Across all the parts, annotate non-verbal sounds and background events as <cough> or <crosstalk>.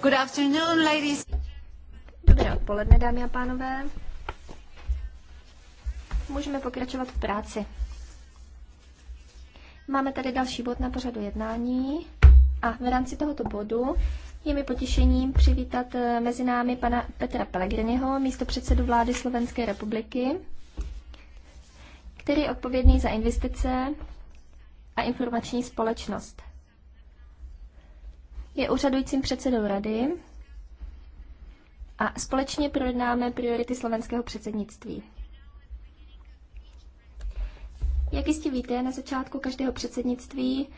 Good afternoon, ladies. Dobré odpoledne, dámy a pánové. Můžeme pokračovat v práci. Máme tady další bod na pořadu jednání a v rámci tohoto bodu je mi potěšením přivítat eh, mezi námi pana Petra Pellegriniho, místo předsedu vlády Slovenské republiky, který je odpovědný za investice a informační společnost je úřadujícím předsedou rady a společně projednáme priority slovenského předsednictví. Jak jistě víte, na začátku každého předsednictví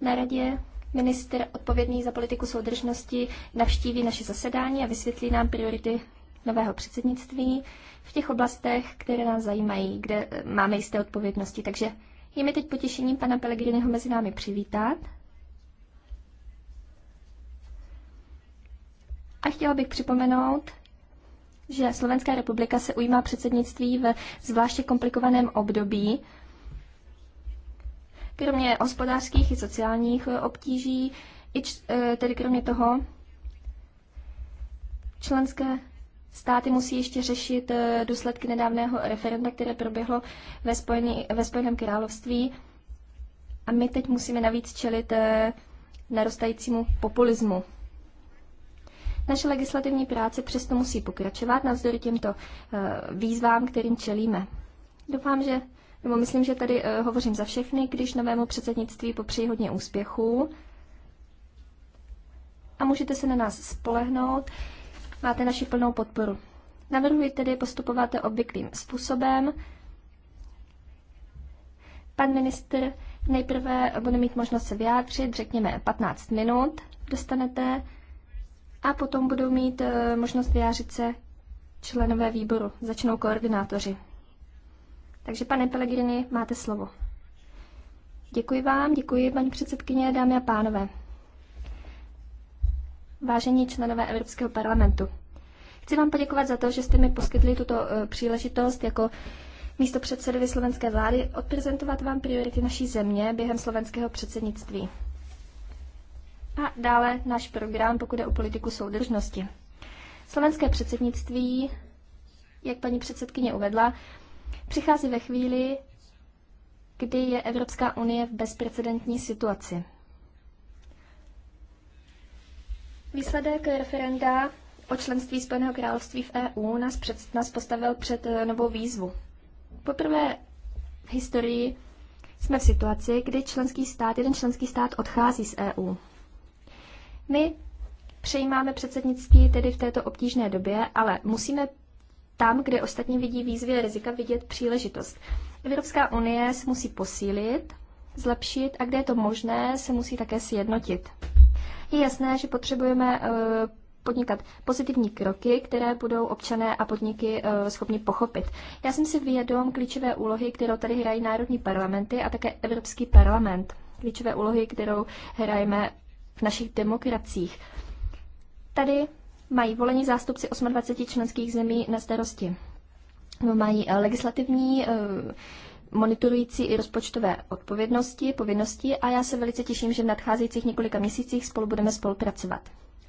na radě minister odpovědný za politiku soudržnosti navštíví naše zasedání a vysvětlí nám priority nového předsednictví v těch oblastech, které nás zajímají, kde eh, máme jisté odpovědnosti. Takže je mi teď potěšením pana Pellegriniho mezi námi přivítat. A chtěla bych připomenout, že Slovenská republika se ujímá předsednictví v zvláště komplikovaném období. Kromě hospodářských i sociálních obtíží, i č, e, tedy kromě toho, členské státy musí ještě řešit e, důsledky nedávného referenda, které proběhlo ve, Spojený, ve Spojeném království. A my teď musíme navíc čelit e, narostajícímu populismu. Naše legislativní práce přesto musí pokračovat navzdory těmto eh, výzvám, kterým čelíme. Doufám, že, nebo myslím, že tady eh, hovořím za všechny, když novému předsednictví popřeji hodně úspěchů. A můžete se na nás spolehnout, máte naši plnou podporu. Navrhuji tedy postupovat obvyklým způsobem. Pan minister nejprve bude mít možnost se vyjádřit, řekněme 15 minut dostanete a potom budou mít eh, možnost vyjářit se členové výboru. Začnou koordinátoři. Takže pane pelegrini máte slovo. Děkuji vám, děkuji paní předsedkyně, dámy a pánové. Vážení členové Evropského parlamentu, chci vám poděkovat za to, že jste mi poskytli tuto eh, příležitost jako místo předsedovi slovenské vlády odprezentovat vám priority naší země během slovenského předsednictví. A dále náš program, pokud je o politiku soudržnosti. Slovenské předsednictví, jak paní předsedkyně uvedla, přichází ve chvíli, kdy je Evropská unie v bezprecedentní situaci. Výsledek referenda o členství Spojeného království v EU nás, před, nás postavil před eh, novou výzvu. Poprvé v historii jsme v situaci, kdy členský stát, jeden členský stát odchází z EU. My přejímáme předsednictví tedy v této obtížné době, ale musíme tam, kde ostatní vidí výzvy a rizika, vidět příležitost. Evropská unie se musí posílit, zlepšit a kde je to možné, se musí také sjednotit. Je jasné, že potřebujeme eh, podnikat pozitivní kroky, které budou občané a podniky eh, schopni pochopit. Já jsem si vědom klíčové úlohy, kterou tady hrají národní parlamenty a také Evropský parlament. Klíčové úlohy, kterou hrajeme v našich demokracích. Tady mají volení zástupci 28 členských zemí na starosti. Mají eh, legislativní eh, monitorující i rozpočtové odpovědnosti, povinnosti a já se velice těším, že v nadcházejících několika měsících spolu budeme spolupracovat.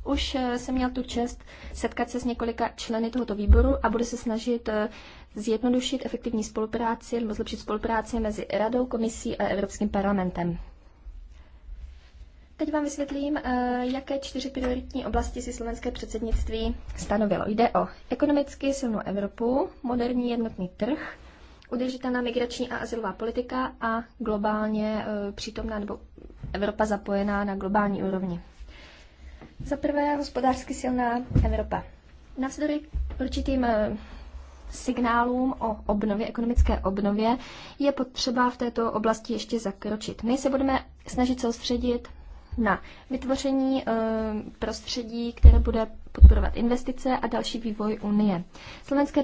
Už eh, jsem měl tu čest setkat se s několika členy tohoto výboru a bude se snažit zjednodušit efektivní spolupráci nebo zlepšit spolupráci mezi Radou, Komisí a Evropským parlamentem. Teď vám vysvětlím, eh, jaké čtyři prioritní oblasti si slovenské předsednictví stanovilo. Jde o ekonomicky silnou Evropu, moderní jednotný trh, udržitelná migrační a asilová politika a globálně eh, přítomná nebo Evropa zapojená na globální úrovni. Za prvé, hospodářsky silná Evropa. Navzdory určitým eh, signálům o obnově, ekonomické obnově, je potřeba v této oblasti ještě zakročit. My se budeme snažit soustředit na vytvoření eh, prostředí, které bude podporovat investice a další vývoj Unie. Slovenské,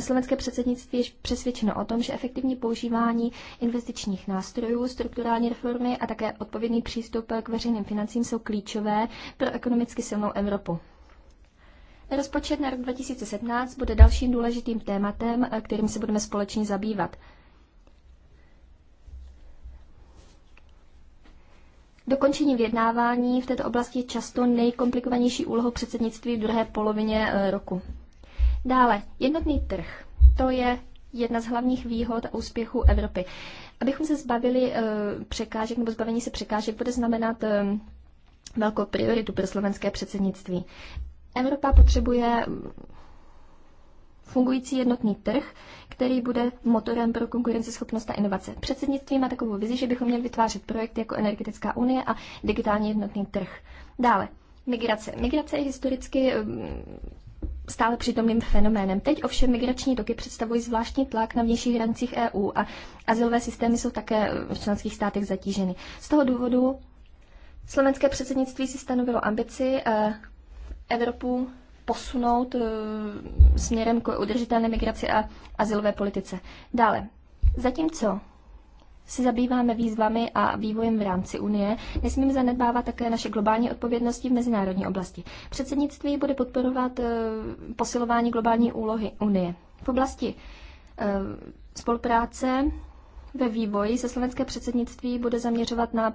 slovenské předsednictví je přesvědčeno o tom, že efektivní používání investičních nástrojů, strukturální reformy a také odpovědný přístup k veřejným financím jsou klíčové pro ekonomicky silnou Evropu. Rozpočet na rok 2017 bude dalším důležitým tématem, eh, kterým se budeme společně zabývat. Dokončení vyjednávání v této oblasti je často nejkomplikovanější úlohou předsednictví v druhé polovině e, roku. Dále, jednotný trh. To je jedna z hlavních výhod a úspěchů Evropy. Abychom se zbavili e, překážek nebo zbavení se překážek, bude znamenat e, velkou prioritu pro slovenské předsednictví. Evropa potřebuje fungující jednotný trh, který bude motorem pro konkurenceschopnost a inovace. Předsednictví má takovou vizi, že bychom měli vytvářet projekty jako Energetická unie a digitálně jednotný trh. Dále, migrace. Migrace je historicky um, stále přítomným fenoménem. Teď ovšem migrační toky představují zvláštní tlak na vnějších hranicích EU a asilové systémy jsou také uh, v členských státech zatíženy. Z toho důvodu slovenské předsednictví si stanovilo ambici uh, Evropu posunout eh, směrem k udržitelné migraci a asilové politice. Dále, zatímco se zabýváme výzvami a vývojem v rámci Unie, nesmíme zanedbávat také naše globální odpovědnosti v mezinárodní oblasti. Předsednictví bude podporovat eh, posilování globální úlohy Unie. V oblasti eh, spolupráce ve vývoji se slovenské předsednictví bude zaměřovat na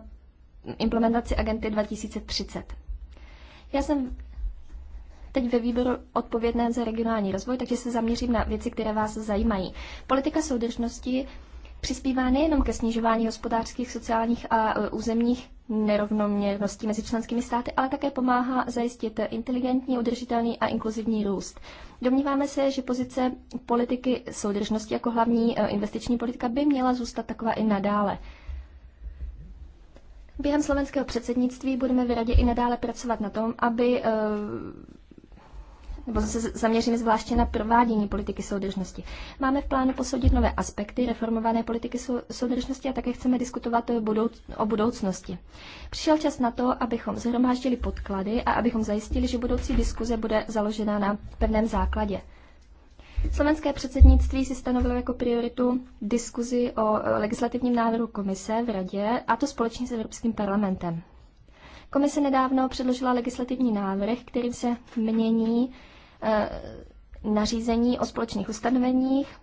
implementaci agenty 2030. Já jsem teď ve výboru odpovědné za regionální rozvoj, takže se zaměřím na věci, které vás zajímají. Politika soudržnosti přispívá nejenom ke snižování hospodářských, sociálních a e, územních nerovnoměrností mezi členskými státy, ale také pomáhá zajistit inteligentní, udržitelný a inkluzivní růst. Domníváme se, že pozice politiky soudržnosti jako hlavní e, investiční politika by měla zůstat taková i nadále. Během slovenského předsednictví budeme v radě i nadále pracovat na tom, aby e, nebo se zaměřím zvláště na provádění politiky soudržnosti. Máme v plánu posoudit nové aspekty reformované politiky soudržnosti a také chceme diskutovat o budoucnosti. Přišel čas na to, abychom zhromáždili podklady a abychom zajistili, že budoucí diskuze bude založena na pevném základě. Slovenské předsednictví si stanovilo jako prioritu diskuzi o legislativním návrhu komise v radě, a to společně s Evropským parlamentem. Komise nedávno předložila legislativní návrh, kterým se mění Eh, nařízení o společných ustanoveních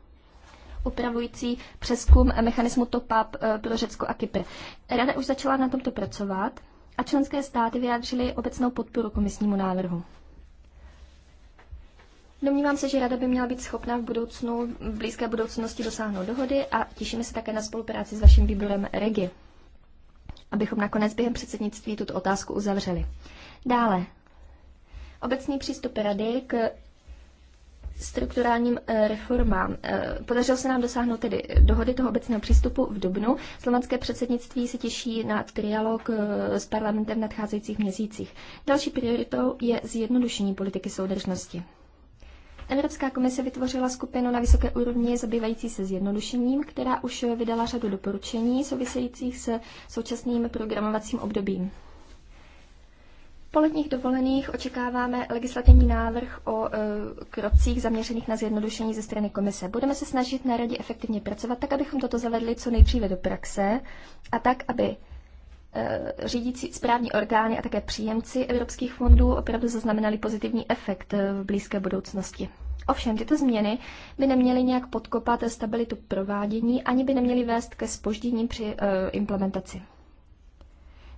upravující přeskum mechanismu topap eh, pro Řecko a Kypr. Rada už začala na tomto pracovat a členské státy vyjádřily obecnou podporu komisnímu návrhu. Domnívám se, že Rada by měla být schopná v budoucnu, v blízké budoucnosti dosáhnout dohody a těšíme se také na spolupráci s vaším výborem Regi, abychom nakonec během předsednictví tuto otázku uzavřeli. Dále, Obecný přístup rady k strukturálním eh, reformám. Eh, podařilo se nám dosáhnout tedy dohody toho obecného přístupu v Dubnu. Slovenské předsednictví se těší na trialog eh, s parlamentem v nadcházejících měsících. Další prioritou je zjednodušení politiky soudržnosti. Evropská komise vytvořila skupinu na vysoké úrovni zabývající se zjednodušením, která už vydala řadu doporučení souvisejících se současným programovacím obdobím. Po letních dovolených očekáváme legislativní návrh o e, krocích zaměřených na zjednodušení ze strany komise. Budeme se snažit na radě efektivně pracovat tak, abychom toto zavedli co nejdříve do praxe a tak, aby e, řídící správní orgány a také příjemci evropských fondů opravdu zaznamenali pozitivní efekt e, v blízké budoucnosti. Ovšem, tyto změny by neměly nějak podkopat stabilitu provádění ani by neměly vést ke spoždění při e, implementaci.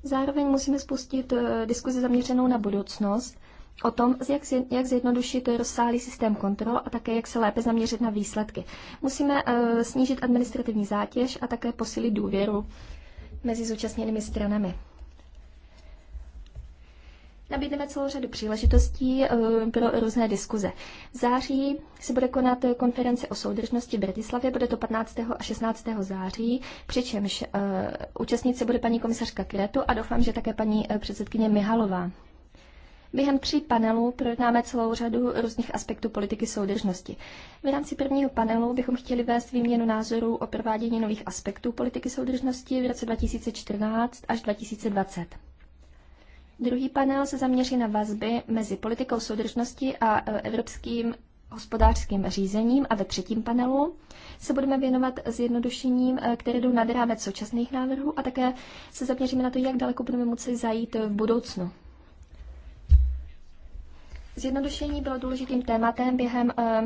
Zároveň musíme spustit eh, diskuzi zaměřenou na budoucnost, o tom, jak, jak zjednodušit rozsáhlý systém kontrol a také jak se lépe zaměřit na výsledky. Musíme eh, snížit administrativní zátěž a také posílit důvěru mezi zúčastněnými stranami. Nabídneme celou řadu příležitostí eh, pro různé diskuze. V září se bude konat eh, konference o soudržnosti v Bratislavě, bude to 15. a 16. září, přičemž eh, účastnice bude paní komisařka Kretu a doufám, že také paní předsedkyně Mihalová. Během tří panelů projednáme celou řadu různých aspektů politiky soudržnosti. V rámci prvního panelu bychom chtěli vést výměnu názorů o provádění nových aspektů politiky soudržnosti v roce 2014 až 2020. Druhý panel se zaměří na vazby mezi politikou soudržnosti a e, evropským hospodářským řízením a ve třetím panelu se budeme věnovat zjednodušením, e, které jdou nad rámec současných návrhů a také se zaměříme na to, jak daleko budeme moci zajít v budoucnu. Zjednodušení bylo důležitým tématem během e,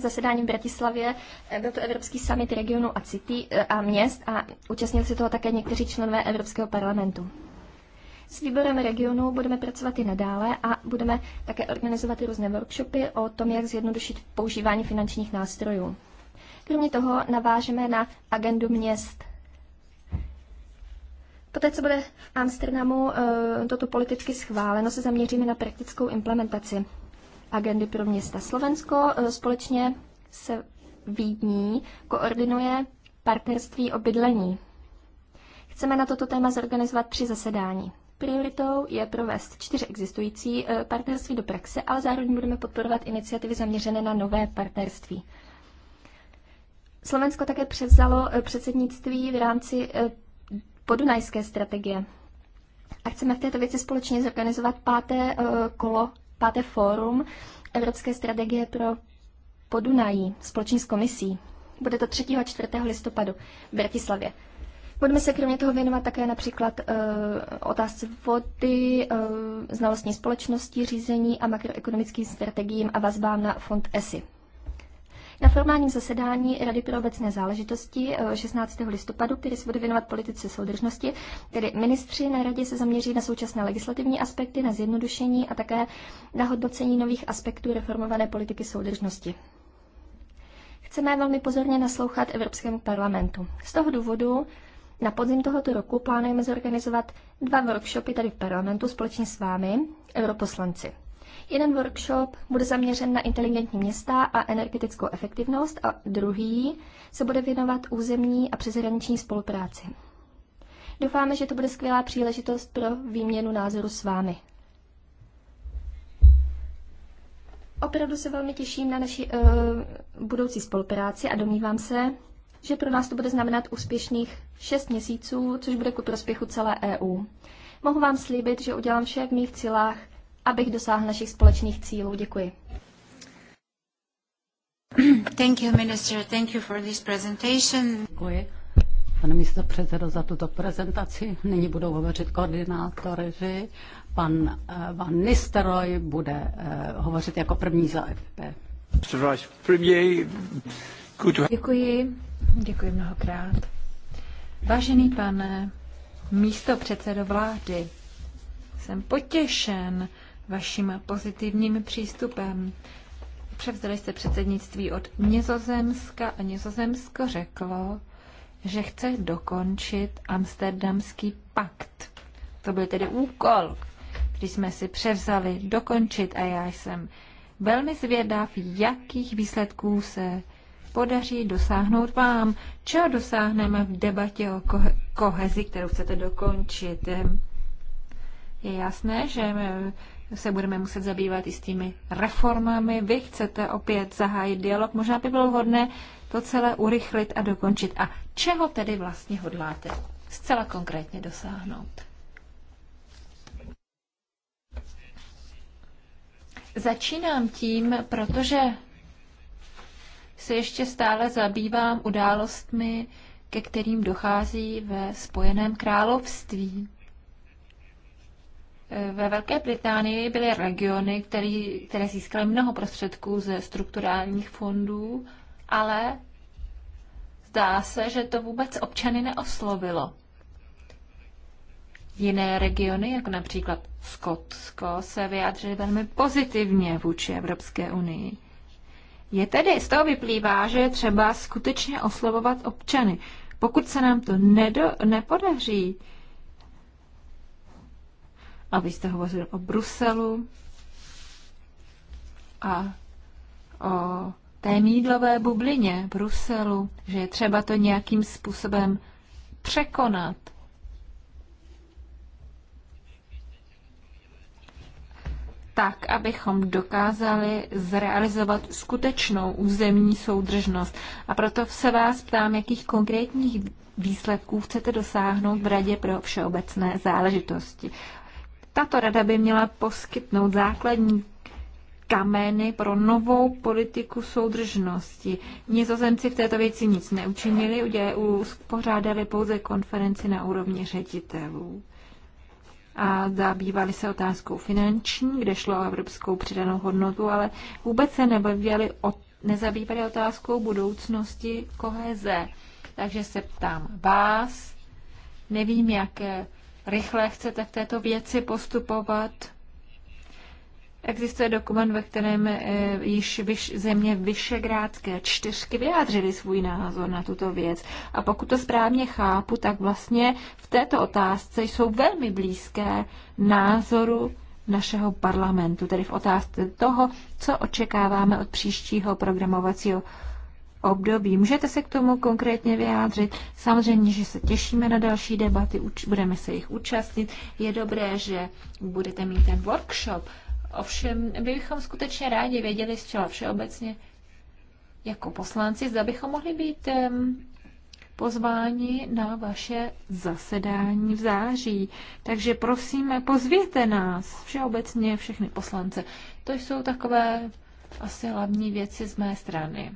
zasedání v Bratislavě. Byl to Evropský summit regionu a, city, a měst a účastnili se toho také někteří členové Evropského parlamentu. S výborem regionu budeme pracovat i nadále a budeme také organizovat i různé workshopy o tom, jak zjednodušit používání finančních nástrojů. Kromě toho navážeme na agendu měst. Poté, co bude v Amsterdamu eh, toto politicky schváleno, se zaměříme na praktickou implementaci agendy pro města. Slovensko eh, společně se Vídní koordinuje partnerství o bydlení. Chceme na toto téma zorganizovat tři zasedání. Prioritou je provést čtyři existující eh, partnerství do praxe, ale zároveň budeme podporovat iniciativy zaměřené na nové partnerství. Slovensko také převzalo eh, předsednictví v rámci eh, podunajské strategie. A chceme v této věci společně zorganizovat páté kolo, páté fórum Evropské strategie pro Podunají společně s komisí. Bude to 3. a 4. listopadu v Bratislavě. Budeme se kromě toho věnovat také například uh, otázce vody, uh, znalostní společnosti, řízení a makroekonomickým strategiím a vazbám na fond ESI. Na formálním zasedání Rady pro obecné záležitosti 16. Eh, listopadu, který se bude věnovat politice soudržnosti, tedy ministři na radě se zaměří na současné legislativní aspekty, na zjednodušení a také na hodnocení nových aspektů reformované politiky soudržnosti. Chceme velmi pozorně naslouchat Evropskému parlamentu. Z toho důvodu na podzim tohoto roku plánujeme zorganizovat dva workshopy tady v parlamentu společně s vámi, europoslanci. Jeden workshop bude zaměřen na inteligentní města a energetickou efektivnost a druhý se bude věnovat územní a přeshraniční spolupráci. Doufáme, že to bude skvělá příležitost pro výměnu názoru s vámi. Opravdu se velmi těším na naši uh, budoucí spolupráci a domnívám se, že pro nás to bude znamenat úspěšných 6 měsíců, což bude ku prospěchu celé EU. Mohu vám slíbit, že udělám vše v mých cílách, abych dosáhl našich společných cílů. Děkuji. Thank you, minister. Thank you for this presentation. Děkuji. Pane místo předsedo, za tuto prezentaci. Nyní budou hovořit koordinátoři. Pan eh, Van Nisteroj bude eh, hovořit jako první za FP. E Děkuji. Děkuji mnohokrát. Vážený pane místo předsedo vlády, jsem potěšen vaším pozitivním přístupem. Převzali jste předsednictví od Nizozemska a Nizozemsko řeklo, že chce dokončit Amsterdamský pakt. To byl tedy úkol, který jsme si převzali dokončit a já jsem velmi zvědav, jakých výsledků se podaří dosáhnout vám. Čeho dosáhneme v debatě o kohezi, kterou chcete dokončit? Je jasné, že se budeme muset zabývat i s tými reformami. Vy chcete opět zahájit dialog. Možná by bylo hodné to celé urychlit a dokončit. A čeho tedy vlastně hodláte zcela konkrétně dosáhnout? Začínám tím, protože se ještě stále zabývám událostmi, ke kterým dochází ve Spojeném království. Ve Velké Británii byly regiony, který, které získaly mnoho prostředků ze strukturálních fondů, ale zdá se, že to vůbec občany neoslovilo. Jiné regiony, jako například Skotsko, se vyjádřily velmi pozitivně vůči Evropské unii. Je tedy, z toho vyplývá, že je třeba skutečně oslovovat občany. Pokud se nám to nedo, nepodaří, a vy jste hovořil o Bruselu a o té mídlové bublině Bruselu, že je třeba to nějakým způsobem překonat – tak, abychom dokázali zrealizovat skutečnou územní soudržnost. A proto se vás ptám, jakých konkrétních výsledků chcete dosáhnout v Radě pro všeobecné záležitosti. Tato rada by měla poskytnout základní kameny pro novou politiku soudržnosti. Nizozemci v této věci nic neučinili, uspořádali pouze konferenci na úrovni ředitelů a zabývali se otázkou finanční, kde šlo o evropskou přidanou hodnotu, ale vůbec se nebavili o, nezabývali otázkou budoucnosti koheze. Takže se ptám vás, nevím, jak rychle chcete v této věci postupovat, Existuje dokument, ve kterém eh, již vyš, země Vyšegrádské čtyřky vyjádřili svůj názor na tuto věc. A pokud to správně chápu, tak vlastně v této otázce jsou velmi blízké názoru našeho parlamentu, tedy v otázce toho, co očekáváme od příštího programovacího období. Můžete se k tomu konkrétně vyjádřit? Samozřejmě, že se těšíme na další debaty, budeme se jich účastnit. Je dobré, že budete mít ten workshop Ovšem, my bychom skutečně rádi věděli zcela všeobecně, jako poslanci, zda bychom mohli být pozváni na vaše zasedání v září. Takže prosím, pozvěte nás, všeobecně všechny poslance. To jsou takové asi hlavní věci z mé strany.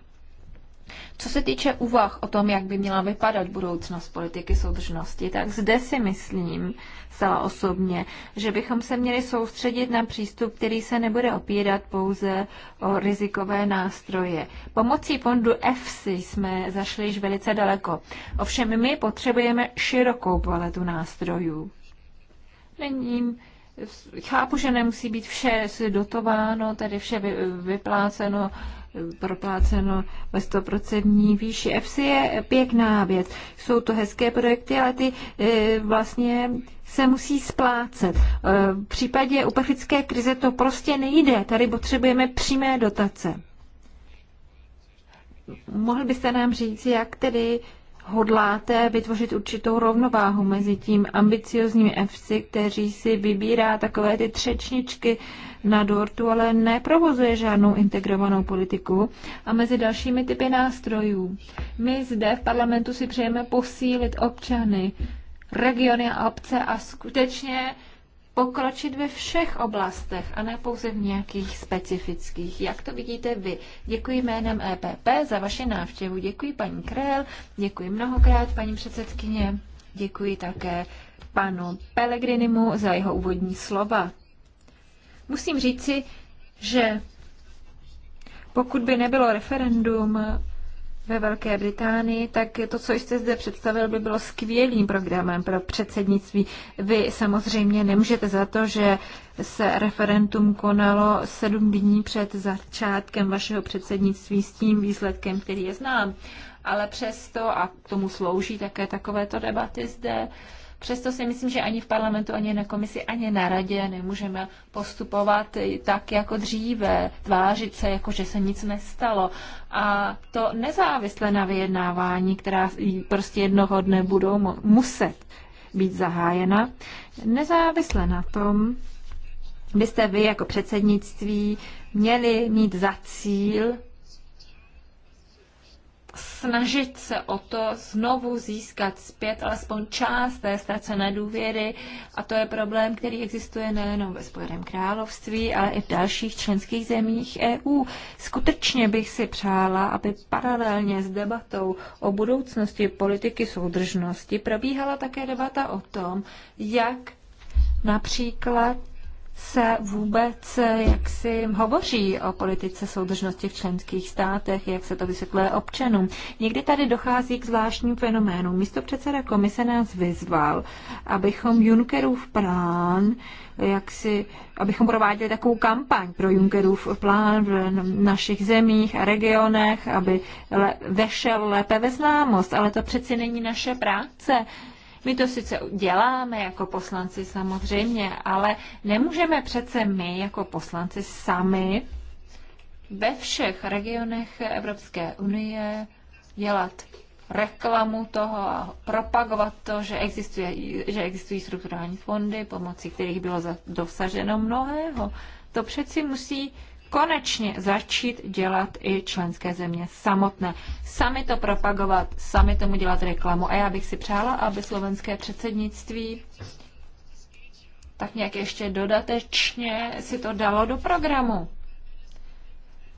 Co se týče úvah o tom, jak by měla vypadat budoucnost politiky soudržnosti, tak zde si myslím zcela osobně, že bychom se měli soustředit na přístup, který se nebude opírat pouze o rizikové nástroje. Pomocí fondu EFSI jsme zašli již velice daleko. Ovšem my potřebujeme širokou paletu nástrojů. Není Chápu, že nemusí být vše dotováno, tedy vše vypláceno propláceno ve 100% výši. EFSI je pěkná věc. Jsou to hezké projekty, ale ty eh, vlastně se musí splácet. Eh, v případě uprchlické krize to prostě nejde. Tady potřebujeme přímé dotace. Mohl byste nám říct, jak tedy hodláte vytvořit určitou rovnováhu mezi tím ambiciozním EFSI, kteří si vybírá takové ty třečničky, na dortu, ale neprovozuje žádnou integrovanou politiku a mezi dalšími typy nástrojů. My zde v parlamentu si přejeme posílit občany, regiony a obce a skutečně pokročit ve všech oblastech a ne pouze v nějakých specifických. Jak to vidíte vy? Děkuji jménem EPP za vaši návštěvu. Děkuji paní Krel, děkuji mnohokrát paní předsedkyně, děkuji také panu Pellegrinimu za jeho úvodní slova. Musím říci, že pokud by nebylo referendum ve Velké Británii, tak to, co jste zde představil, by bylo skvělým programem pro předsednictví. Vy samozřejmě nemůžete za to, že se referendum konalo sedm dní před začátkem vašeho předsednictví s tím výsledkem, který je znám. Ale přesto, a k tomu slouží také takovéto debaty zde, Přesto si myslím, že ani v parlamentu, ani na komisi, ani na radě nemůžeme postupovat tak jako dříve, tvářit se, jako že se nic nestalo. A to nezávisle na vyjednávání, která prostě jednoho dne budou muset být zahájena, nezávisle na tom, byste vy jako předsednictví měli mít za cíl snažit se o to znovu získat zpět alespoň část té ztracené důvěry a to je problém, který existuje nejenom ve Spojeném království, ale i v dalších členských zemích EU. Skutečně bych si přála, aby paralelně s debatou o budoucnosti politiky soudržnosti probíhala také debata o tom, jak například se vůbec eh, jak si hovoří o politice soudržnosti v členských státech, jak se to vysvětluje občanům. Někdy tady dochází k zvláštním fenoménům. Místo předseda komise nás vyzval, abychom Junckerův plán jak si, abychom prováděli takovou kampaň pro Junckerův plán v našich zemích a regionech, aby le, vešel lépe ve známost, ale to přeci není naše práce. My to sice děláme jako poslanci samozřejmě, ale nemůžeme přece my jako poslanci sami ve všech regionech Evropské unie dělat reklamu toho a propagovat to, že, existuje, že existují strukturální fondy, pomocí kterých bylo dosaženo mnohého. To přeci musí konečně začít dělat i členské země samotné. Sami to propagovat, sami tomu dělat reklamu. A já bych si přála, aby slovenské předsednictví tak nějak ještě dodatečně si to dalo do programu.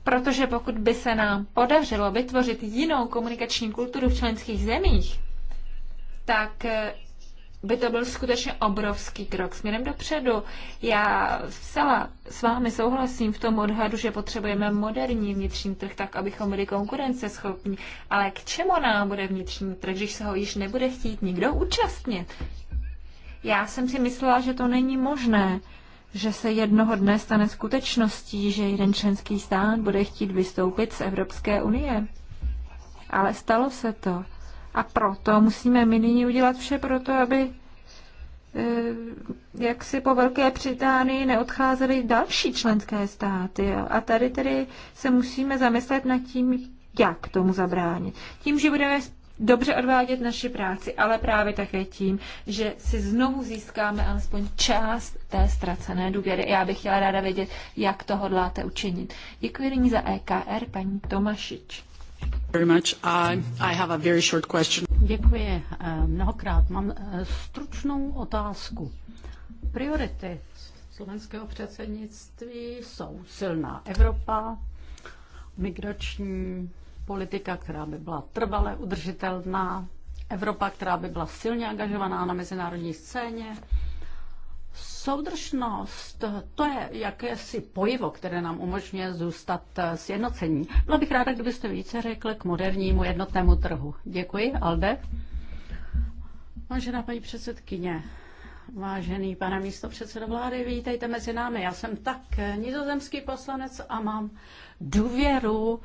Protože pokud by se nám podařilo vytvořit jinou komunikační kulturu v členských zemích, tak by to byl skutečně obrovský krok směrem dopředu. Já zcela s vámi souhlasím v tom odhadu, že potřebujeme moderní vnitřní trh, tak abychom byli konkurenceschopní. Ale k čemu nám bude vnitřní trh, když se ho již nebude chtít nikdo účastnit? Já jsem si myslela, že to není možné že se jednoho dne stane skutečností, že jeden členský stát bude chtít vystoupit z Evropské unie. Ale stalo se to. A proto musíme my nyní udělat vše pro to, aby eh, jak si po Velké Británii neodcházely další členské státy. Jo? A tady tedy se musíme zamyslet nad tím, jak tomu zabránit. Tím, že budeme dobře odvádět naši práci, ale právě také tím, že si znovu získáme alespoň část té ztracené důvěry. Já bych chtěla ráda vědět, jak to hodláte učinit. Děkuji nyní za EKR, paní Tomašič. Děkuji mnohokrát. Mám eh, stručnou otázku. Priority slovenského předsednictví jsou silná Evropa, migrační politika, která by byla trvale udržitelná, Evropa, která by byla silně angažovaná na mezinárodní scéně, Soudržnost, to je jakési pojivo, které nám umožňuje zůstat eh, sjednocení. Byla bych ráda, kdybyste více řekl k modernímu jednotnému trhu. Děkuji, Alde. Vážená paní předsedkyně, vážený pane místo předsedo vlády, vítejte mezi námi. Já jsem tak eh, nizozemský poslanec a mám důvěru uh,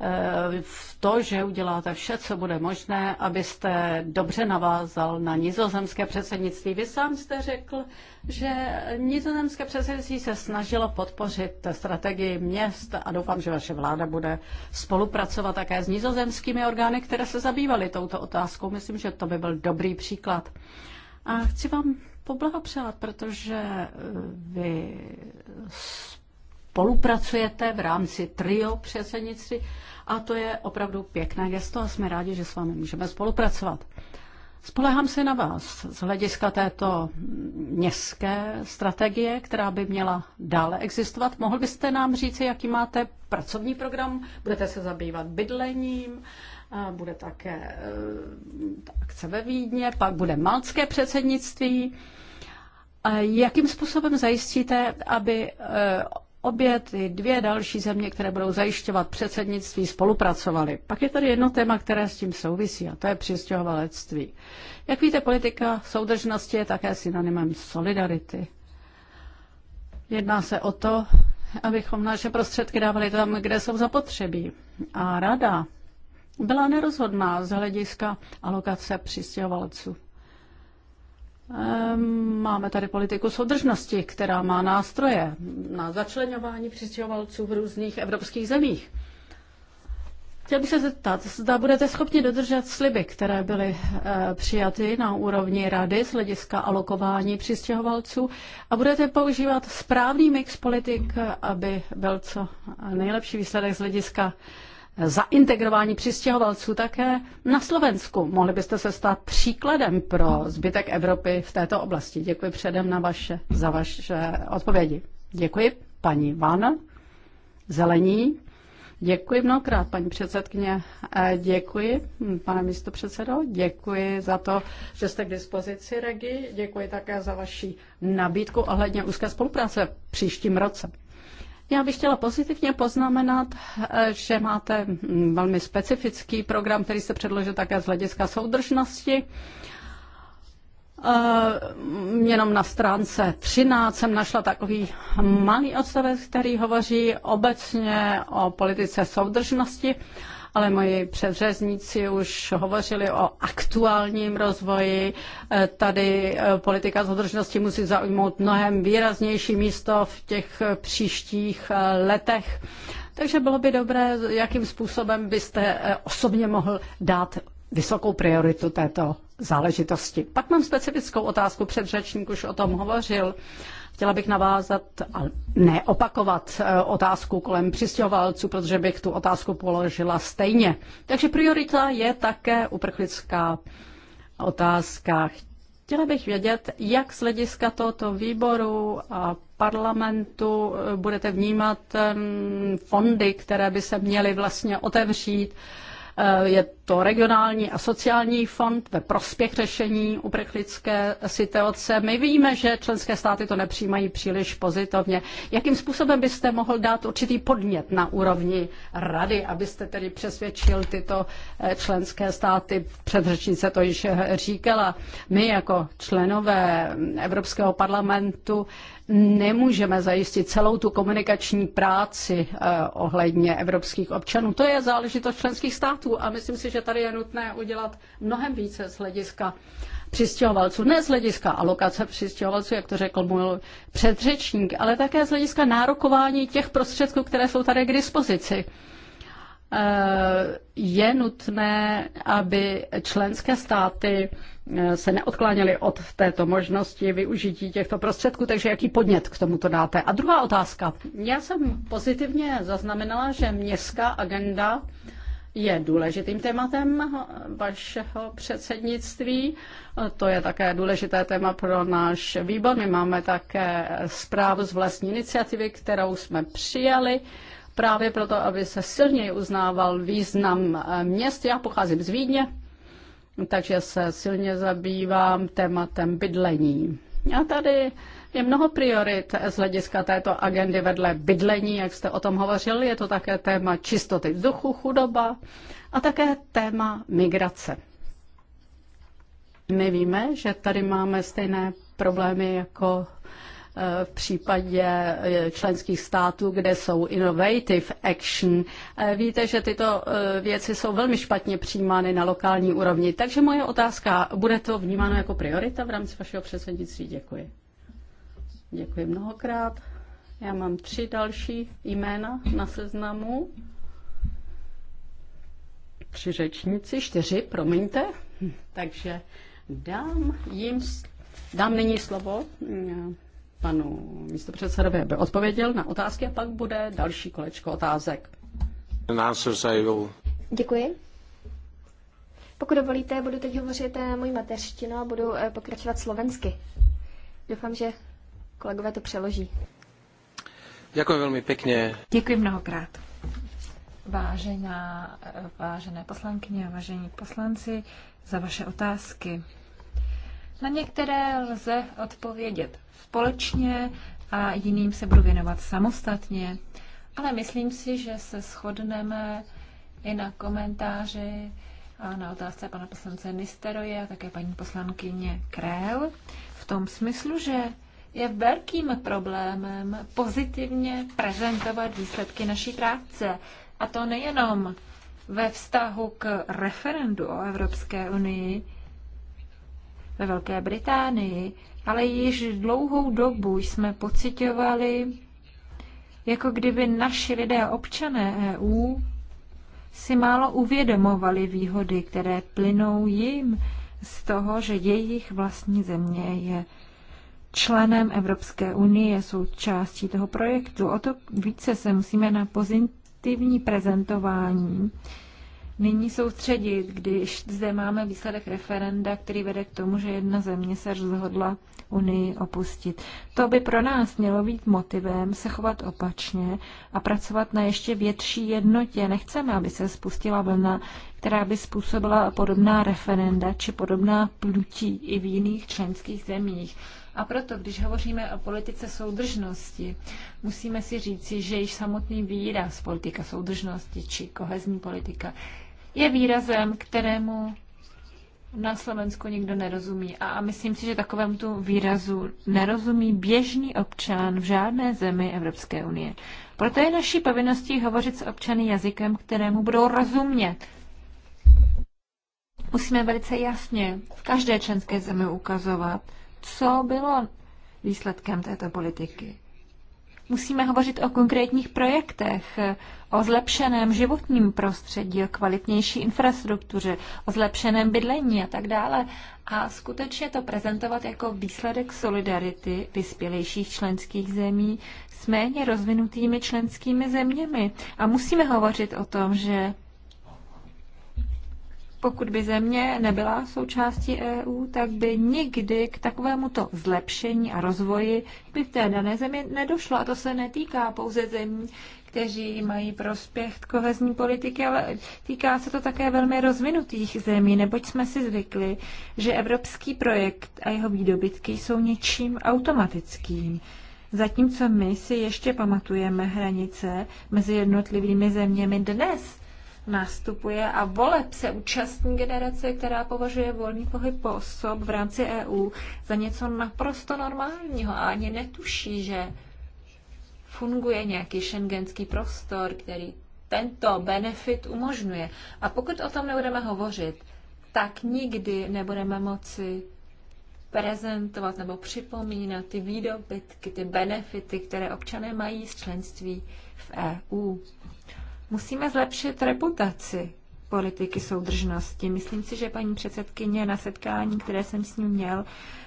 Eh, v to, že uděláte vše, co bude možné, abyste dobře navázal na nizozemské předsednictví. Vy sám jste řekl, že nizozemské předsednictví se snažilo podpořit strategii měst a doufám, že vaše vláda bude spolupracovat také s nizozemskými orgány, které se zabývaly touto otázkou. Myslím, že to by byl dobrý příklad. A chci vám poblahopřát, protože eh, vy spolupracujete v rámci trio předsednictví a to je opravdu pěkné gesto a jsme rádi, že s vámi můžeme spolupracovat. Spolehám se na vás z hlediska této městské strategie, která by měla dále existovat. Mohl byste nám říci, jaký máte pracovní program? Budete se zabývat bydlením, bude také e, akce ve Vídně, pak bude malcké předsednictví. Jakým způsobem zajistíte, aby e, obě ty dvě další země, které budou zajišťovat předsednictví, spolupracovaly. Pak je tady jedno téma, které s tím souvisí, a to je přistěhovalectví. Jak víte, politika soudržnosti je také synonymem solidarity. Jedná se o to, abychom naše prostředky dávali tam, kde jsou zapotřebí. A rada byla nerozhodná z hlediska alokace přistěhovalců. Ehm, máme tady politiku soudržnosti, která má nástroje na začlenování přistěhovalců v různých evropských zemích. Chtěl bych se zeptat, zda budete schopni dodržet sliby, které byly e, přijaty na úrovni rady z hlediska alokování přistěhovalců a budete používat správný mix politik, eh, aby byl co nejlepší výsledek z hlediska zaintegrování přistěhovalců také na Slovensku. Mohli byste se stát příkladem pro zbytek Evropy v této oblasti. Děkuji předem na vaše, za vaše odpovědi. Děkuji paní Van, zelení. Děkuji mnohokrát, paní předsedkyně. Eh, děkuji, pane předsedo. Děkuji za to, že jste k dispozici, Regi. Děkuji také za vaši nabídku ohledně úzké spolupráce v příštím roce. Já bych chtěla pozitivně poznamenat, že máte velmi specifický program, který se předložil také z hlediska soudržnosti. Eh, jenom na stránce 13 jsem našla takový malý odstavec, který hovoří obecně o politice soudržnosti ale moji předřezníci už hovořili o aktuálním rozvoji. Eh, tady eh, politika zadržnosti musí zaujmout mnohem výraznější místo v těch eh, příštích letech. Takže bylo by dobré, jakým způsobem byste osobně mohl dát vysokou prioritu této záležitosti. Pak mám specifickou otázku, předřečník už o tom hovořil. Uh, Chtěla bych navázat a neopakovat eh, otázku kolem přistěhovalců, protože bych tu otázku položila stejně. Takže priorita je také uprchlická otázka. Chtěla bych vědět, jak z hlediska tohoto výboru a parlamentu eh, budete vnímat fondy, které by se měly vlastně otevřít. Eh, je to regionální a sociální fond ve prospěch řešení uprchlické situace. My víme, že členské státy to nepřijímají příliš pozitivně. Jakým způsobem byste mohl dát určitý podnět na úrovni rady, abyste tedy přesvědčil tyto eh, členské státy? Předřečnice to již eh, říkala. My jako členové Evropského parlamentu nemůžeme zajistit celou tu komunikační práci eh, ohledně evropských občanů. To je záležitost členských států a myslím si, že že tady je nutné udělat mnohem více z hlediska přistěhovalců. Ne z hlediska alokace přistěhovalců, jak to řekl můj předřečník, ale také z hlediska nárokování těch prostředků, které jsou tady k dispozici. Eh, je nutné, aby členské státy eh, se neodkláněly od této možnosti využití těchto prostředků, takže jaký podnět k tomuto dáte? A druhá otázka. Já jsem pozitivně zaznamenala, že městská agenda je důležitým tématem vašeho předsednictví. To je také důležité téma pro náš výbor. My máme také zprávu z vlastní iniciativy, kterou jsme přijali právě proto, aby se silněji uznával význam měst. Já pocházím z Vídně, takže se silně zabývám tématem bydlení. A tady je mnoho priorit z hlediska této agendy vedle bydlení, jak jste o tom hovořili, je to také téma čistoty vzduchu, chudoba a také téma migrace. My víme, že tady máme stejné problémy jako eh, v případě eh, členských států, kde jsou innovative action. Eh, víte, že tyto věci jsou velmi špatně přijímány na lokální úrovni. Takže moje otázka, bude to vnímáno jako priorita v rámci vašeho předsednictví? Děkuji. Děkuji mnohokrát. Já mám tři další jména na seznamu. Tři řečníci, čtyři, promiňte. Takže dám jim, dám nyní slovo mm, panu místopředsedovi, aby odpověděl na otázky a pak bude další kolečko otázek. Děkuji. Pokud dovolíte, budu teď hovořit eh, mojí mateřštinu a budu eh, pokračovat slovensky. Doufám, že Kolegové to přeloží. Děkuji velmi pěkně. Děkuji mnohokrát. Vážená, vážené poslankyně a vážení poslanci, za vaše otázky. Na některé lze odpovědět společně a jiným se budu věnovat samostatně, ale myslím si, že se shodneme i na komentáři a na otázce pana poslance Nisteroje a také paní poslankyně Krél v tom smyslu, že je velkým problémem pozitivně prezentovat výsledky naší práce. A to nejenom ve vztahu k referendu o Evropské unii ve Velké Británii, ale již dlouhou dobu jsme pocitovali, jako kdyby naši lidé a občané EU si málo uvědomovali výhody, které plynou jim z toho, že jejich vlastní země je členem Evropské unie, je součástí toho projektu. O to více se musíme na pozitivní prezentování nyní soustředit, když zde máme výsledek referenda, který vede k tomu, že jedna země se rozhodla Unii opustit. To by pro nás mělo být motivem se chovat opačně a pracovat na ještě větší jednotě. Nechceme, aby se spustila vlna, která by způsobila podobná referenda či podobná plutí i v jiných členských zemích. A proto, když hovoříme o politice soudržnosti, musíme si říci, že již samotný výraz politika soudržnosti či kohezní politika je výrazem, kterému na Slovensku nikdo nerozumí. A, myslím si, že takovému tu výrazu nerozumí běžný občan v žádné zemi Evropské unie. Proto je naší povinností hovořit s občany jazykem, kterému budou rozumět. Musíme velice jasně v každé členské zemi ukazovat, co bylo výsledkem této politiky. Musíme hovořit o konkrétních projektech, o zlepšeném životním prostředí, o kvalitnější infrastruktuře, o zlepšeném bydlení a tak dále. A skutečně to prezentovat jako výsledek solidarity vyspělejších členských zemí s méně rozvinutými členskými zeměmi. A musíme hovořit o tom, že pokud by země nebyla součástí EU, tak by nikdy k takovémuto zlepšení a rozvoji by v té dané zemi nedošlo. A to se netýká pouze zemí, kteří mají prospěch kohezní politiky, ale týká se to také velmi rozvinutých zemí, neboť jsme si zvykli, že evropský projekt a jeho výdobytky jsou něčím automatickým. Zatímco my si ještě pamatujeme hranice mezi jednotlivými zeměmi dnes, nastupuje a voleb se účastní generace, která považuje volný pohyb po osob v rámci EU za něco naprosto normálního a ani netuší, že funguje nějaký šengenský prostor, který tento benefit umožňuje. A pokud o tom nebudeme hovořit, tak nikdy nebudeme moci prezentovat nebo připomínat ty výdobytky, ty benefity, které občané mají z členství v EU. Musíme zlepšit reputaci politiky soudržnosti. Myslím si, že paní předsedkyně na setkání, které jsem s ním měl,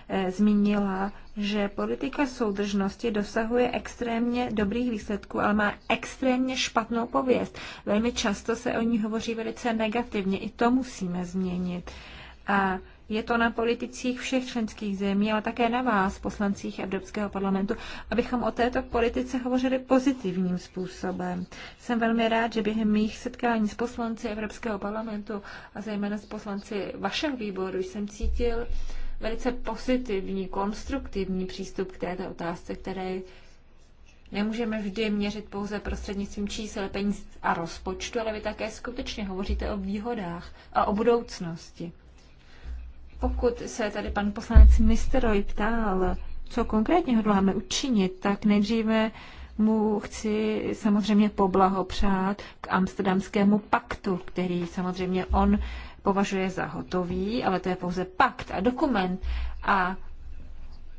eh, zmínila, že politika soudržnosti dosahuje extrémně dobrých výsledků, ale má extrémně špatnou pověst. Velmi často se o ní hovoří velice negativně. I to musíme změnit. A je to na politicích všech členských zemí, ale také na vás, poslancích Evropského parlamentu, abychom o této politice hovořili pozitivním způsobem. Jsem velmi rád, že během mých setkání s poslanci Evropského parlamentu a zejména s poslanci vašeho výboru jsem cítil velice pozitivní, konstruktivní přístup k této otázce, které nemůžeme vždy měřit pouze prostřednictvím čísel, peněz a rozpočtu, ale vy také skutečně hovoříte o výhodách a o budoucnosti. Pokud se tady pan poslanec Misteroj ptal, co konkrétně hodláme učinit, tak nejdříve mu chci samozřejmě poblahopřát k amsterdamskému paktu, který samozřejmě on považuje za hotový, ale to je pouze pakt a dokument. A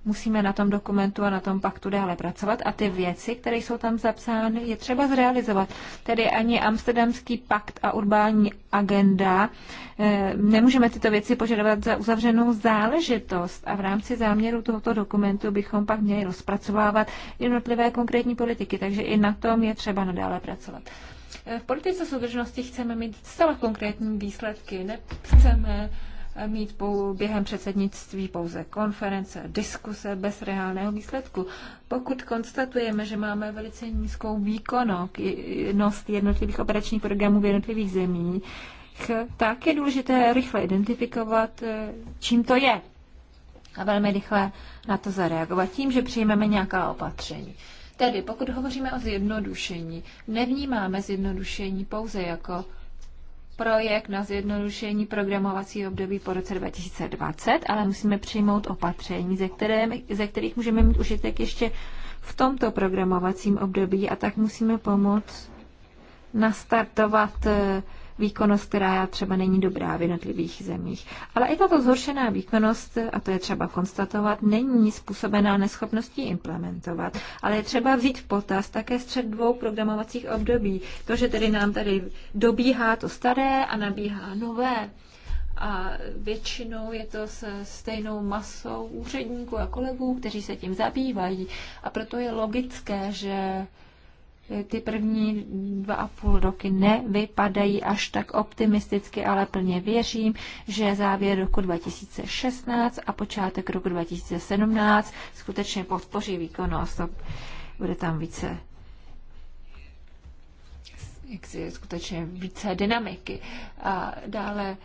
musíme na tom dokumentu a na tom paktu dále pracovat a ty věci, které jsou tam zapsány, je třeba zrealizovat. Tedy ani Amsterdamský pakt a urbální agenda, eh, nemůžeme tyto věci požadovat za uzavřenou záležitost a v rámci záměru tohoto dokumentu bychom pak měli rozpracovávat jednotlivé konkrétní politiky, takže i na tom je třeba nadále pracovat. Eh, v politice soudržnosti chceme mít zcela konkrétní výsledky, nechceme mít během předsednictví pouze konference, diskuse bez reálného výsledku. Pokud konstatujeme, že máme velice nízkou výkonnost jednotlivých operačních programů v jednotlivých zemích, tak je důležité rychle identifikovat, eh, čím to je. A velmi rychle na to zareagovat tím, že přijmeme nějaká opatření. Tedy, pokud hovoříme o zjednodušení, nevnímáme zjednodušení pouze jako projekt na zjednodušení programovacího období po roce 2020, ale musíme přijmout opatření, ze, které, ze kterých můžeme mít užitek ještě v tomto programovacím období a tak musíme pomoct nastartovat eh, výkonnost, která třeba není dobrá v jednotlivých zemích. Ale i tato zhoršená výkonnost, a to je třeba konstatovat, není způsobená neschopností implementovat, ale je třeba vzít v potaz také střed dvou programovacích období. To, že tedy nám tady dobíhá to staré a nabíhá nové a většinou je to se stejnou masou úředníků a kolegů, kteří se tím zabývají. A proto je logické, že ty první dva a půl roky nevypadají až tak optimisticky, ale plně věřím, že závěr roku 2016 a počátek roku 2017 skutečně podpoří výkonnost. Bude tam více jak si, skutečně více dynamiky. A dále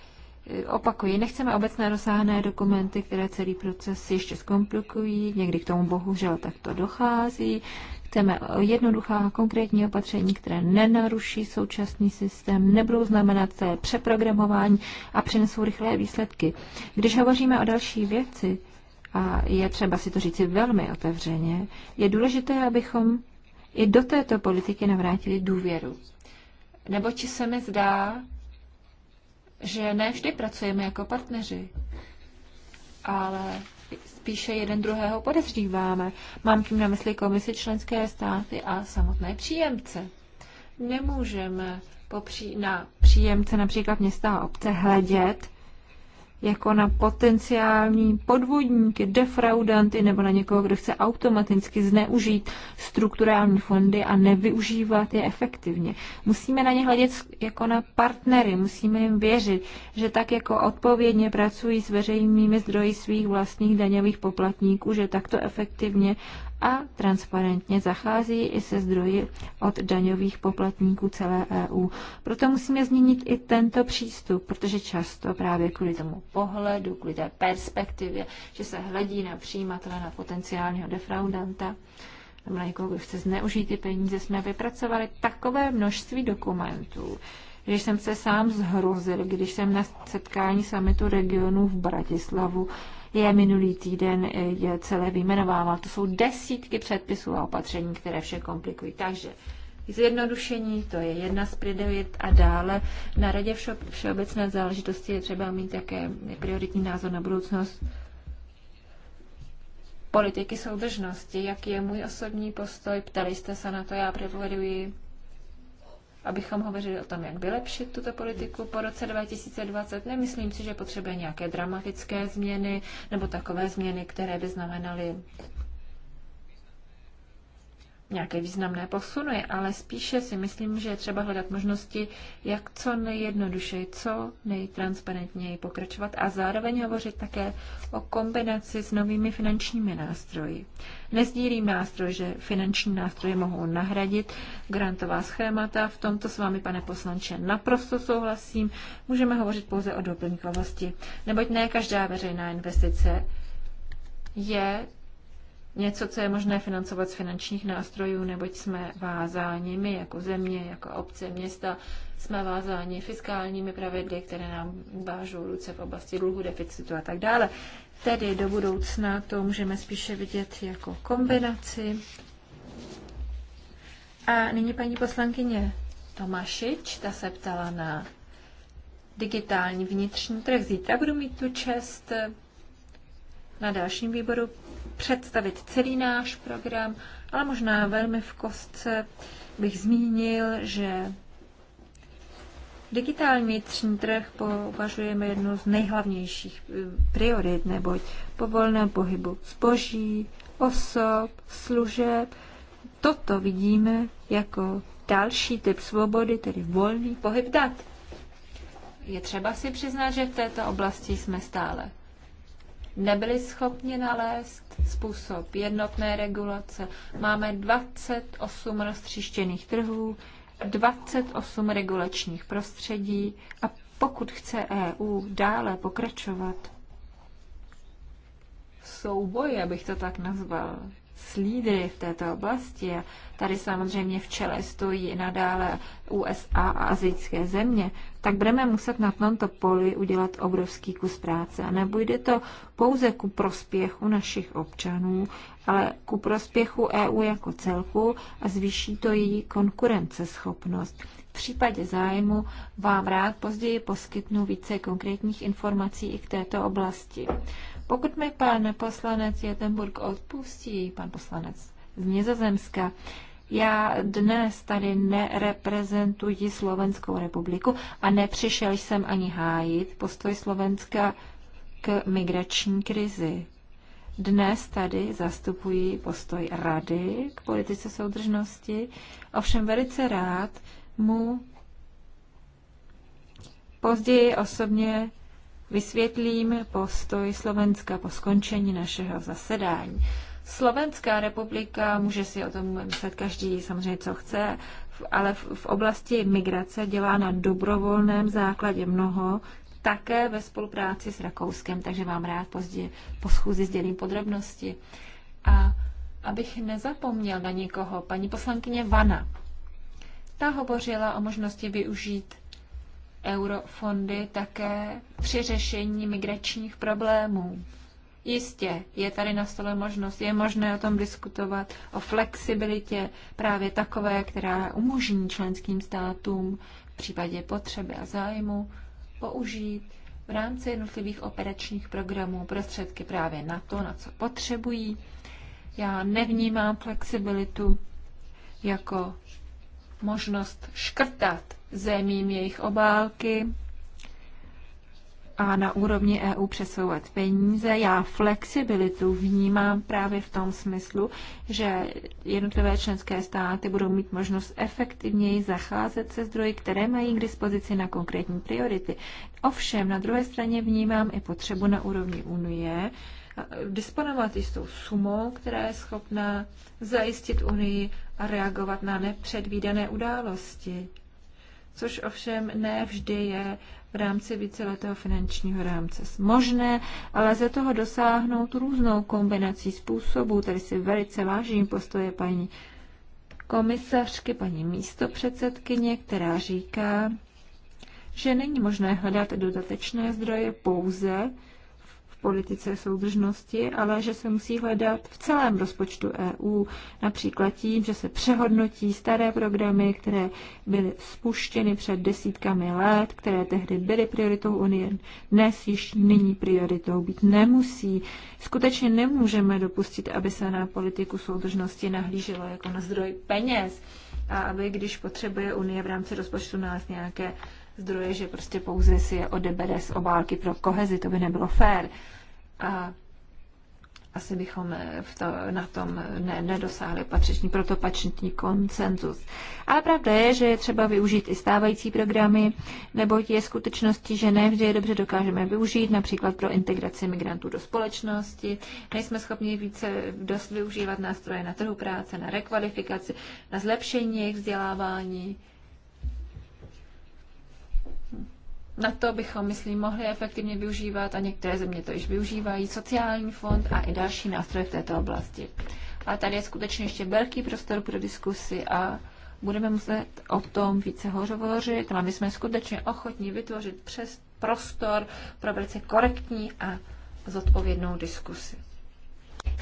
Opakuji, nechceme obecné rozsáhné dokumenty, které celý proces ještě zkomplikují, někdy k tomu bohužel takto dochází. Chceme jednoduchá konkrétní opatření, které nenaruší současný systém, nebudou znamenat přeprogramování a přinesou rychlé výsledky. Když hovoříme o další věci, a je třeba si to říci velmi otevřeně, je důležité, abychom i do této politiky navrátili důvěru. Nebo či se mi zdá, že ne vždy pracujeme jako partneři, ale spíše jeden druhého podezříváme. Mám tím na mysli komisi členské státy a samotné příjemce. Nemůžeme popří, na příjemce například města a obce hledět jako na potenciální podvodníky, defraudanty nebo na někoho, kdo chce automaticky zneužít strukturální fondy a nevyužívat je efektivně. Musíme na ně hledět jako na partnery, musíme jim věřit, že tak jako odpovědně pracují s veřejnými zdroji svých vlastních daňových poplatníků, že takto efektivně a transparentně zachází i se zdroji od daňových poplatníků celé EU. Proto musíme změnit i tento přístup, protože často právě kvůli tomu pohledu, kvůli té perspektivě, že se hledí na přijímatele, na potenciálního defraudanta, nebo na někoho, kdo chce zneužít ty peníze, jsme vypracovali takové množství dokumentů, že jsem se sám zhrozil, když jsem na setkání samitu regionů v Bratislavu je minulý týden eh, je celé vyjmenovával. To jsou desítky předpisů a opatření, které vše komplikují. Takže zjednodušení, to je jedna z priorit a dále. Na radě vše, všeobecné záležitosti je třeba mít také prioritní názor na budoucnost politiky soudržnosti. Jaký je můj osobní postoj? Ptali jste se na to, já preferuji abychom hovořili o tom, jak vylepšit tuto politiku po roce 2020. Nemyslím si, že potřebuje nějaké dramatické změny nebo takové změny, které by znamenaly nějaké významné posuny, ale spíše si myslím, že je třeba hledat možnosti, jak co nejjednodušeji, co nejtransparentněji pokračovat a zároveň hovořit také o kombinaci s novými finančními nástroji. Nezdílím nástroj, že finanční nástroje mohou nahradit grantová schémata. V tomto s vámi, pane poslanče, naprosto souhlasím. Můžeme hovořit pouze o doplňkovosti, neboť ne každá veřejná investice je něco, co je možné financovat z finančních nástrojů, neboť jsme vázáni my jako země, jako obce, města, jsme vázáni fiskálními pravidly, které nám vážou ruce v oblasti dluhu, deficitu a tak dále. Tedy do budoucna to můžeme spíše vidět jako kombinaci. A nyní paní poslankyně Tomašič, ta se ptala na digitální vnitřní trh. Zítra budu mít tu čest na dalším výboru představit celý náš program, ale možná velmi v kostce bych zmínil, že digitální vnitřní trh považujeme jednu z nejhlavnějších eh, priorit, neboť po volném pohybu zboží, osob, služeb. Toto vidíme jako další typ svobody, tedy volný pohyb dat. Je třeba si přiznat, že v této oblasti jsme stále nebyli schopni nalézt způsob jednotné regulace. Máme 28 roztříštěných trhů, 28 regulačních prostředí a pokud chce EU dále pokračovat souboj, abych to tak nazval, s lídry v této oblasti. A tady samozřejmě v čele stojí i nadále USA a azijské země, tak budeme muset na tomto poli udělat obrovský kus práce. A nebude to pouze ku prospěchu našich občanů, ale ku prospěchu EU jako celku a zvýší to její konkurenceschopnost. V případě zájmu vám rád později poskytnu více konkrétních informací i k této oblasti. Pokud mi pan poslanec Jetenburg odpustí, pan poslanec z Nizozemska, já dnes tady nereprezentuji Slovenskou republiku a nepřišel jsem ani hájit postoj Slovenska k migrační krizi. Dnes tady zastupuji postoj Rady k politice soudržnosti, ovšem velice rád mu později osobně vysvětlím postoj Slovenska po skončení našeho zasedání. Slovenská republika může si o tom myslet každý samozřejmě, co chce, ale v, oblasti migrace dělá na dobrovolném základě mnoho, také ve spolupráci s Rakouskem, takže vám rád později po schůzi sdělím podrobnosti. A abych nezapomněl na někoho, paní poslankyně Vana, ta hovořila o možnosti využít eurofondy také při řešení migračních problémů. Jistě, je tady na stole možnost, je možné o tom diskutovat, o flexibilitě právě takové, která umožní členským státům v případě potřeby a zájmu použít v rámci jednotlivých operačních programů prostředky právě na to, na co potřebují. Já nevnímám flexibilitu jako možnost škrtat zemím jejich obálky a na úrovni EU přesouvat peníze. Já flexibilitu vnímám právě v tom smyslu, že jednotlivé členské státy budou mít možnost efektivněji zacházet se zdroji, které mají k dispozici na konkrétní priority. Ovšem, na druhé straně vnímám i potřebu na úrovni Unie disponovat jistou sumou, která je schopná zajistit Unii a reagovat na nepředvídané události, což ovšem ne vždy je v rámci víceletého finančního rámce možné, ale ze toho dosáhnout různou kombinací způsobů. tedy si velice vážím postoje paní komisařky, paní místopředsedkyně, která říká, že není možné hledat dodatečné zdroje pouze politice soudržnosti, ale že se musí hledat v celém rozpočtu EU, například tím, že se přehodnotí staré programy, které byly spuštěny před desítkami let, které tehdy byly prioritou Unie, dnes již nyní prioritou být nemusí. Skutečně nemůžeme dopustit, aby se na politiku soudržnosti nahlíželo jako na zdroj peněz a aby, když potřebuje Unie v rámci rozpočtu nás nějaké zdroje, že prostě pouze si je odebere z obálky pro kohezi, to by nebylo fér a asi bychom v to, na tom ne, nedosáhli patřiční protopačný koncenzus. Ale pravda je, že je třeba využít i stávající programy, neboť je skutečností, že ne vždy je dobře dokážeme využít, například pro integraci migrantů do společnosti. Nejsme schopni více dost využívat nástroje na trhu práce, na rekvalifikaci, na zlepšení jejich vzdělávání. Na to bychom, myslím, mohli efektivně využívat a některé země to již využívají, sociální fond a i další nástroje v této oblasti. A tady je skutečně ještě velký prostor pro diskusy a budeme muset o tom více hovořit. A my jsme skutečně ochotní vytvořit přes prostor pro velice korektní a zodpovědnou diskusi.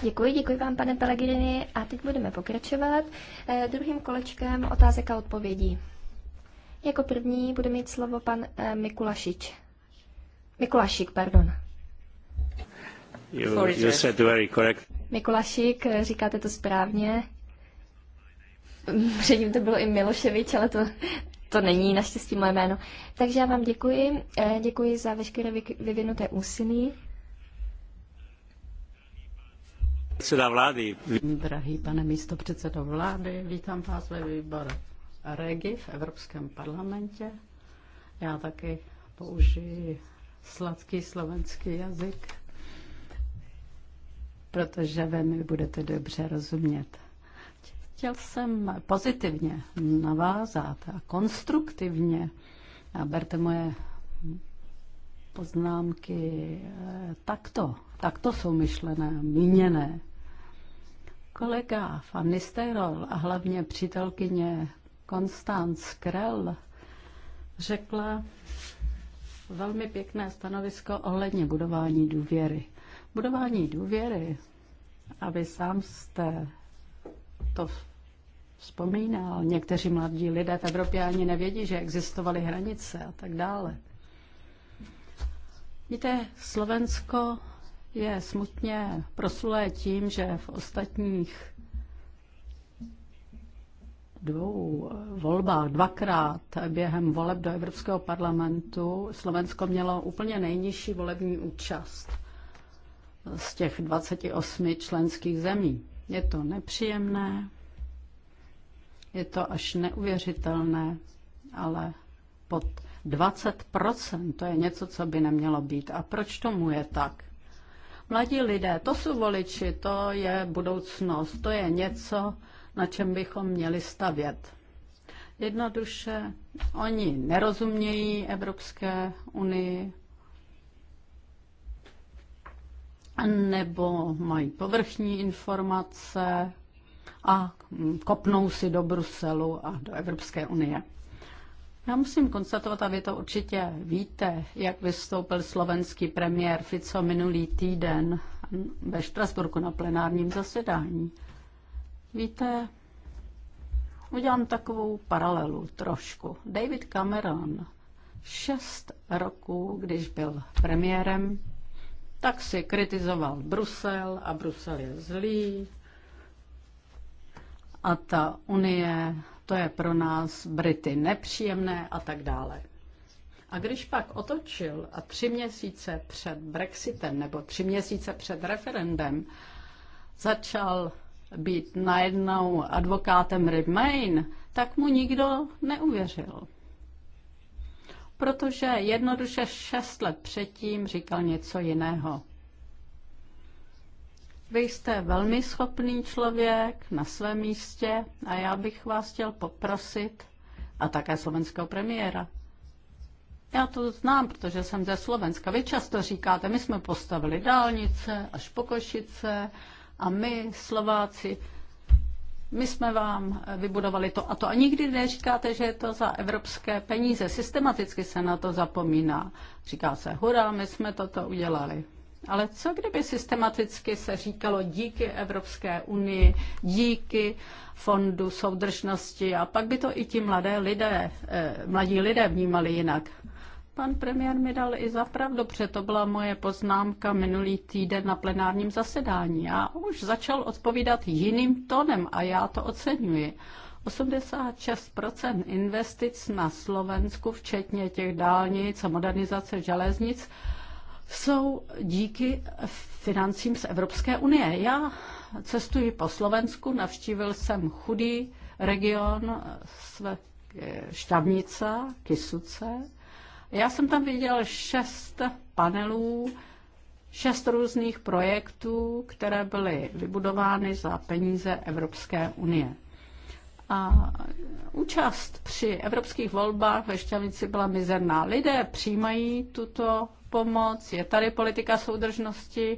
Děkuji, děkuji vám, pane Pelegrini. A teď budeme pokračovat eh, druhým kolečkem otázek a odpovědí. Jako první bude mít slovo pan eh, Mikulašič. Mikulašik, pardon. You, you said very correct. Mikulašik, eh, říkáte to správně. Mm, předtím to bylo i Miloševič, ale to, to není naštěstí moje jméno. Takže já vám děkuji. Eh, děkuji za veškeré vyvinuté úsilí. Předseda vlády. Drahý pane místo předsedo vlády, vítám vás ve výboru. Regi v Evropském parlamentě. Já taky použiji sladký slovenský jazyk, protože vy mi budete dobře rozumět. Chtěl jsem pozitivně navázat a konstruktivně. A berte moje poznámky eh, takto. Takto jsou myšlené, míněné. Kolega Fanny Nistelrooy a hlavně přítelkyně Konstanc Krell řekla velmi pěkné stanovisko ohledně budování důvěry. Budování důvěry, a vy sám jste to vzpomínal, někteří mladí lidé v Evropě ani nevědí, že existovaly hranice a tak dále. Víte, Slovensko je smutně proslulé tím, že v ostatních dvou eh, volbách, dvakrát během voleb do Evropského parlamentu, Slovensko mělo úplně nejnižší volební účast z těch 28 členských zemí. Je to nepříjemné, je to až neuvěřitelné, ale pod 20% to je něco, co by nemělo být. A proč tomu je tak? Mladí lidé, to jsou voliči, to je budoucnost, to je něco, na čem bychom měli stavět. Jednoduše, oni nerozumějí Evropské unii, nebo mají povrchní informace a kopnou si do Bruselu a do Evropské unie. Já musím konstatovat, a vy to určitě víte, jak vystoupil slovenský premiér Fico minulý týden ve Štrasburku na plenárním zasedání. Víte, udělám takovou paralelu trošku. David Cameron šest roků, když byl premiérem, tak si kritizoval Brusel a Brusel je zlý. A ta unie, to je pro nás Brity nepříjemné a tak dále. A když pak otočil a tři měsíce před Brexitem nebo tři měsíce před referendem začal být najednou advokátem Remain, tak mu nikdo neuvěřil. Protože jednoduše šest let předtím říkal něco jiného. Vy jste velmi schopný člověk na svém místě a já bych vás chtěl poprosit, a také slovenského premiéra. Já to znám, protože jsem ze Slovenska. Vy často říkáte, my jsme postavili dálnice až po Košice a my, Slováci, my jsme vám vybudovali to a to. A nikdy neříkáte, že je to za evropské peníze. Systematicky se na to zapomíná. Říká se, hurá, my jsme toto udělali. Ale co kdyby systematicky se říkalo díky Evropské unii, díky Fondu soudržnosti a pak by to i ti mladé lidé, eh, mladí lidé vnímali jinak. Pan premiér mi dal i zapravdu, protože to byla moje poznámka minulý týden na plenárním zasedání. Já už začal odpovídat jiným tónem a já to oceňuji. 86 investic na Slovensku, včetně těch dálnic a modernizace železnic, jsou díky financím z Evropské unie. Já cestuji po Slovensku, navštívil jsem chudý region své kysuce. Eh, Kisuce já jsem tam viděl šest panelů, šest různých projektů, které byly vybudovány za peníze Evropské unie. A účast při evropských volbách ve Šťavnici byla mizerná. Lidé přijímají tuto pomoc, je tady politika soudržnosti,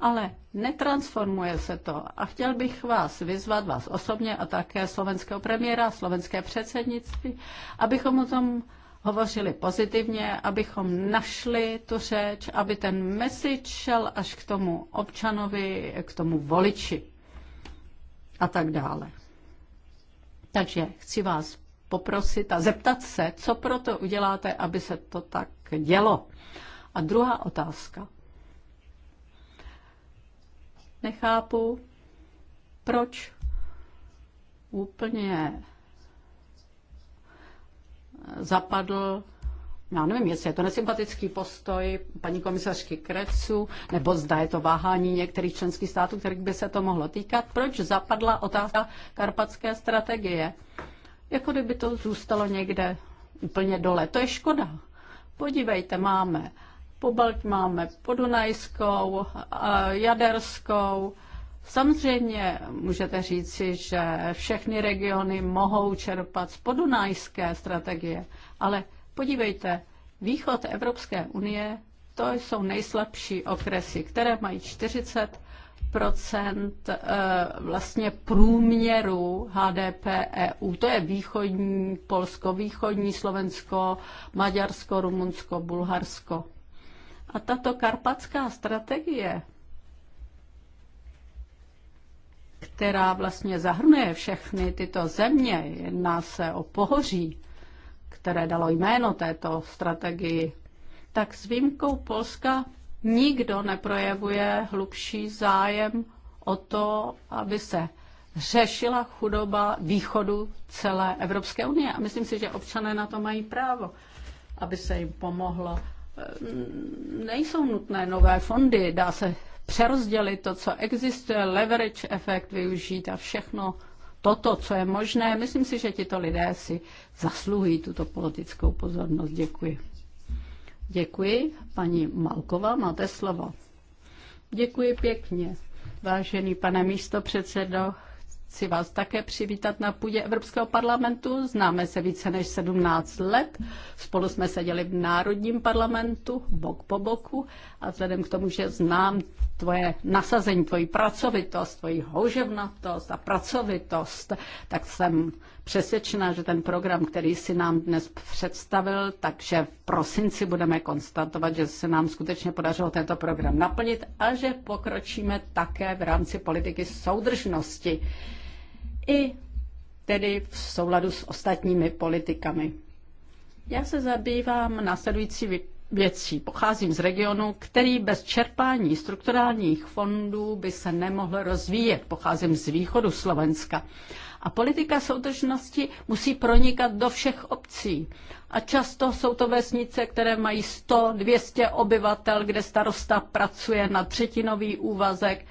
ale netransformuje se to. A chtěl bych vás vyzvat, vás osobně a také slovenského premiéra, slovenské předsednictví, abychom o tom hovořili pozitivně, abychom našli tu řeč, aby ten message šel až k tomu občanovi, k tomu voliči a tak dále. Takže chci vás poprosit a zeptat se, co pro to uděláte, aby se to tak dělo. A druhá otázka. Nechápu, proč úplně zapadl, no, já nevím, jestli je to nesympatický postoj paní komisařky Krecu, nebo zda je to váhání některých členských států, kterých by se to mohlo týkat, proč zapadla otázka karpatské strategie. Jako kdyby to zůstalo někde úplně dole. To je škoda. Podívejte, máme Pobalt máme Podunajskou, Jaderskou, Samozřejmě můžete říci, že všechny regiony mohou čerpat z podunajské strategie, ale podívejte, východ Evropské unie, to jsou nejslabší okresy, které mají 40 eh, vlastně průměru HDP EU. To je východní Polsko, východní Slovensko, Maďarsko, Rumunsko, Bulharsko. A tato karpatská strategie která vlastně zahrnuje všechny tyto země. Jedná se o pohoří, které dalo jméno této strategii, tak s výjimkou Polska nikdo neprojevuje hlubší zájem o to, aby se řešila chudoba východu celé Evropské unie. A myslím si, že občané na to mají právo, aby se jim pomohlo. Ehm, nejsou nutné nové fondy, dá se přerozdělit to, co existuje, leverage efekt využít a všechno toto, co je možné. Myslím si, že tito lidé si zasluhují tuto politickou pozornost. Děkuji. Děkuji. Paní Malková, máte slovo. Děkuji pěkně. Vážený pane místopředsedo, Chci vás také přivítat na půdě Evropského parlamentu. Známe se více než 17 let. Spolu jsme seděli v Národním parlamentu, bok po boku. A vzhledem k tomu, že znám tvoje nasazení, tvoji pracovitost, tvoji houževnatost a pracovitost, tak jsem přesvědčena, že ten program, který si nám dnes představil, takže v prosinci budeme konstatovat, že se nám skutečně podařilo tento program naplnit a že pokročíme také v rámci politiky soudržnosti i tedy v souladu s ostatními politikami. Já se zabývám následující věcí. Pocházím z regionu, který bez čerpání strukturálních fondů by se nemohl rozvíjet. Pocházím z východu Slovenska. A politika soudržnosti musí pronikat do všech obcí. A často jsou to vesnice, které mají 100, 200 obyvatel, kde starosta pracuje na třetinový úvazek.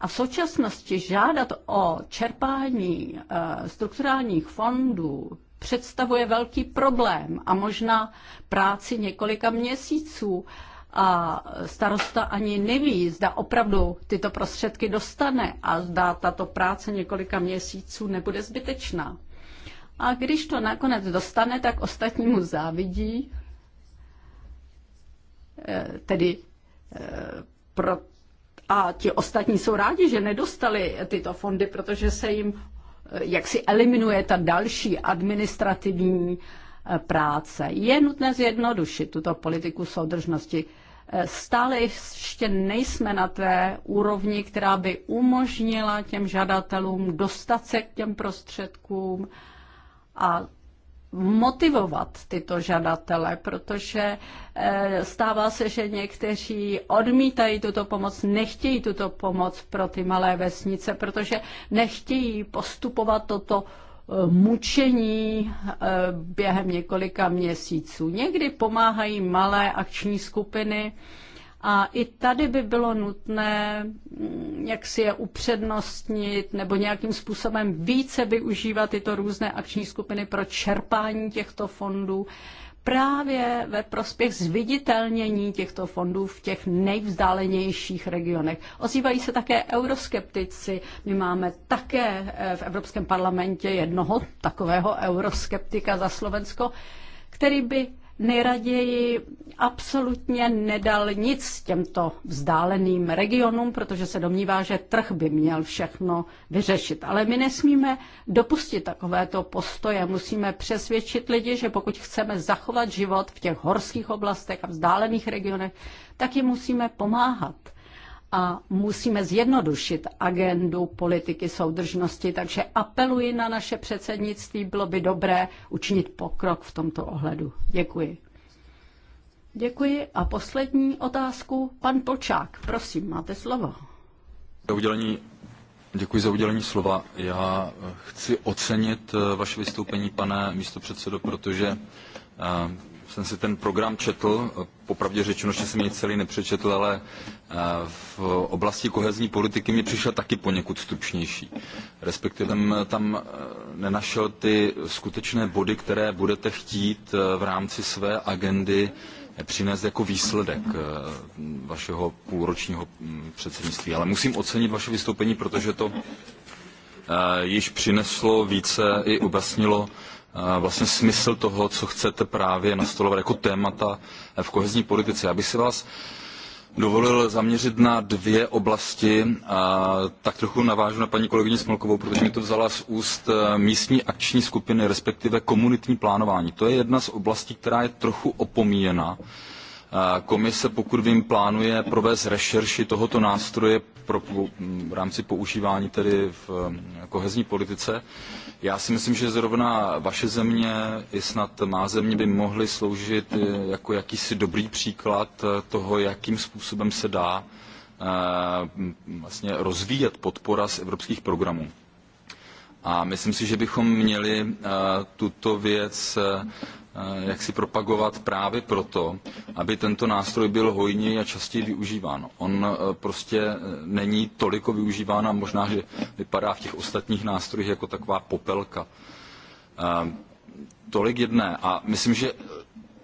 A v současnosti žádat o čerpání eh, strukturálních fondů představuje velký problém a možná práci několika měsíců a starosta ani neví, zda opravdu tyto prostředky dostane a zda tato práce několika měsíců nebude zbytečná. A když to nakonec dostane, tak ostatnímu závidí, eh, tedy eh, pro, a ti ostatní jsou rádi, že nedostali tyto fondy, protože se jim eh, jaksi eliminuje ta další administrativní práce. Je nutné zjednodušit tuto politiku soudržnosti. Stále ještě nejsme na té úrovni, která by umožnila těm žadatelům dostat se k těm prostředkům a motivovat tyto žadatele, protože eh, stává se, že někteří odmítají tuto pomoc, nechtějí tuto pomoc pro ty malé vesnice, protože nechtějí postupovat toto mučení eh, během několika měsíců. Někdy pomáhají malé akční skupiny a i tady by bylo nutné, mm, jak si je upřednostnit nebo nějakým způsobem více využívat tyto různé akční skupiny pro čerpání těchto fondů právě ve prospěch zviditelnění těchto fondů v těch nejvzdálenějších regionech. Ozývají se také euroskeptici. My máme také eh, v Evropském parlamentě jednoho takového euroskeptika za Slovensko, který by nejraději absolutně nedal nic těmto vzdáleným regionům, protože se domnívá, že trh by měl všechno vyřešit. Ale my nesmíme dopustit takovéto postoje. Musíme přesvědčit lidi, že pokud chceme zachovat život v těch horských oblastech a vzdálených regionech, tak jim musíme pomáhat a musíme zjednodušit agendu politiky soudržnosti, takže apeluji na naše předsednictví, bylo by dobré učinit pokrok v tomto ohledu. Děkuji. Děkuji a poslední otázku, pan Polčák, prosím, máte slovo. Udělení, děkuji za udělení slova. Já eh, chci ocenit eh, vaše vystoupení, pane místopředsedo, protože eh, jsem si ten program četl, popravdě řečeno, že jsem jej celý nepřečetl, ale eh, v oblasti kohezní politiky mi přišel taky poněkud stručnější. Respektive jsem tam eh, nenašel ty skutečné body, které budete chtít eh, v rámci své agendy přinést jako výsledek vašeho půlročního hm, předsednictví. Ale musím ocenit vaše vystoupení, protože to již přineslo více i objasnilo vlastně smysl toho, co chcete právě nastolovat jako témata v kohezní politice. Já bych si vás dovolil zaměřit na dvě oblasti. A tak trochu navážu na paní kolegyni Smolkovou, protože mi to vzala z úst eh, místní akční skupiny, respektive komunitní plánování. To je jedna z oblastí, která je trochu opomíjena. Komise, pokud vím, plánuje provést rešerši tohoto nástroje pro, v rámci používání tedy v eh, kohezní politice. Já si myslím, že zrovna vaše země i snad má země by mohly sloužit eh, jako jakýsi dobrý příklad eh, toho, jakým způsobem se dá eh, vlastně rozvíjet podpora z evropských programů. A myslím si, že bychom měli tuto věc jak si propagovat právě proto, aby tento nástroj byl hojněji a častěji využíván. On e, prostě e, není toliko využíván a možná, že vypadá v těch ostatních nástrojích jako taková popelka. E, tolik jedné. A myslím, že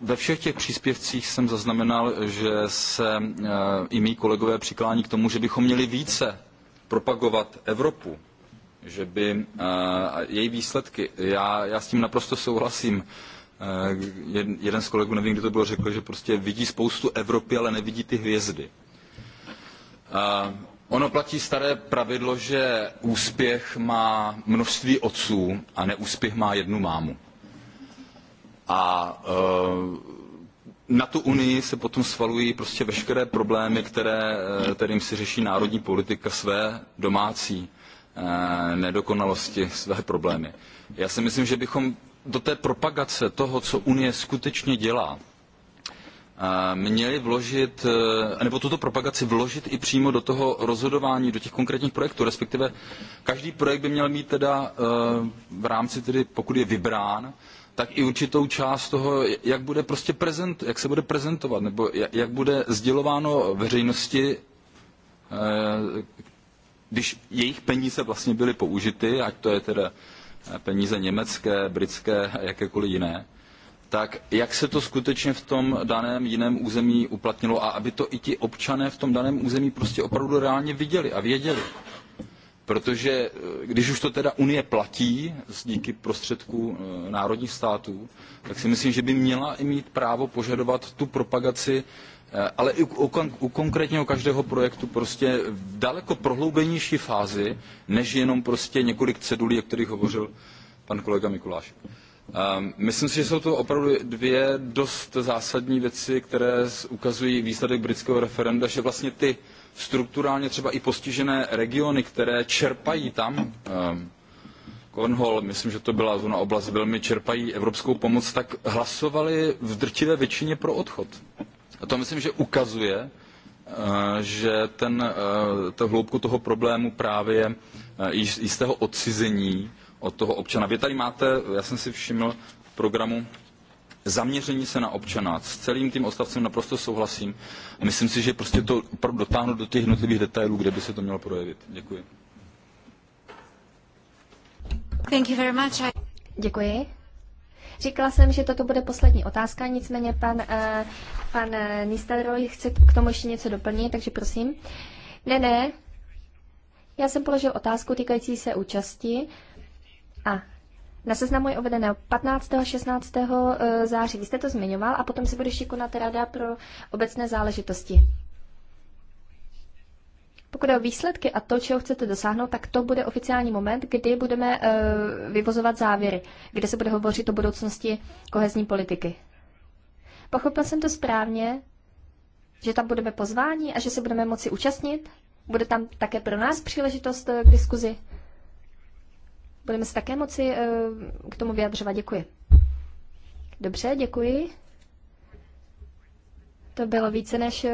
ve všech těch příspěvcích jsem zaznamenal, že se i mý kolegové přiklání k tomu, že bychom měli více propagovat Evropu, že by její výsledky, já, já s tím naprosto souhlasím, Eh, jeden z kolegů, nevím, kdy to bylo, řekl, že prostě vidí spoustu Evropy, ale nevidí ty hvězdy. Eh, ono platí staré pravidlo, že úspěch má množství otců a neúspěch má jednu mámu. A eh, na tu Unii se potom svalují prostě veškeré problémy, které, kterým si řeší národní politika své domácí nedokonalosti, své problémy. Já si myslím, že bychom do té propagace toho, co Unie skutečně dělá, eh, měli vložit, eh, nebo tuto propagaci vložit i přímo do toho rozhodování, do těch konkrétních projektů, respektive každý projekt by měl mít teda eh, v rámci tedy, pokud je vybrán, tak i určitou část toho, jak, bude prostě prezent, jak se bude prezentovat, nebo jak bude sdělováno veřejnosti, když jejich peníze vlastně byly použity, ať to je teda peníze německé, britské a jakékoliv jiné, tak jak se to skutečně v tom daném jiném území uplatnilo a aby to i ti občané v tom daném území prostě opravdu reálně viděli a věděli. Protože eh, když už to teda Unie platí díky prostředků eh, národních států, tak si myslím, že by měla i mít právo požadovat tu propagaci Eh, ale i u, u konkrétního každého projektu prostě v daleko prohloubenější fázi, než jenom prostě několik cedulí, o kterých hovořil pan kolega Mikuláš. Ehm, myslím si, že jsou to opravdu dvě dost zásadní věci, které ukazují výsledek britského referenda, že vlastně ty strukturálně třeba i postižené regiony, které čerpají tam ehm, Cornwall, myslím, že to byla zóna oblast velmi čerpají evropskou pomoc, tak hlasovali v drtivé většině pro odchod to myslím, že ukazuje, eh, že ten, eh, ta hloubku toho problému právě eh, jistého odcizení od toho občana. Vy tady máte, já jsem si všiml v programu, zaměření se na občana. S celým tím odstavcem naprosto souhlasím. Myslím si, že prostě to opravdu dotáhnout do těch jednotlivých detailů, kde by se to mělo projevit. Děkuji. Thank you very much. Děkuji. Říkala jsem, že toto bude poslední otázka, nicméně pan, eh, pan Nistelrooy chce k tomu ještě něco doplnit, takže prosím. Ne, ne. Já jsem položil otázku týkající se účasti a na seznamu je uvedeno 15. a 16. září. Vy jste to zmiňoval a potom se bude ještě konat Rada pro obecné záležitosti. Pokud je o výsledky a to, čeho chcete dosáhnout, tak to bude oficiální moment, kdy budeme uh, vyvozovat závěry, kde se bude hovořit o budoucnosti kohezní politiky. Pochopil jsem to správně, že tam budeme pozváni a že se budeme moci účastnit? Bude tam také pro nás příležitost eh, k diskuzi? Budeme se také moci uh, k tomu vyjadřovat. Děkuji. Dobře, děkuji. To bylo více než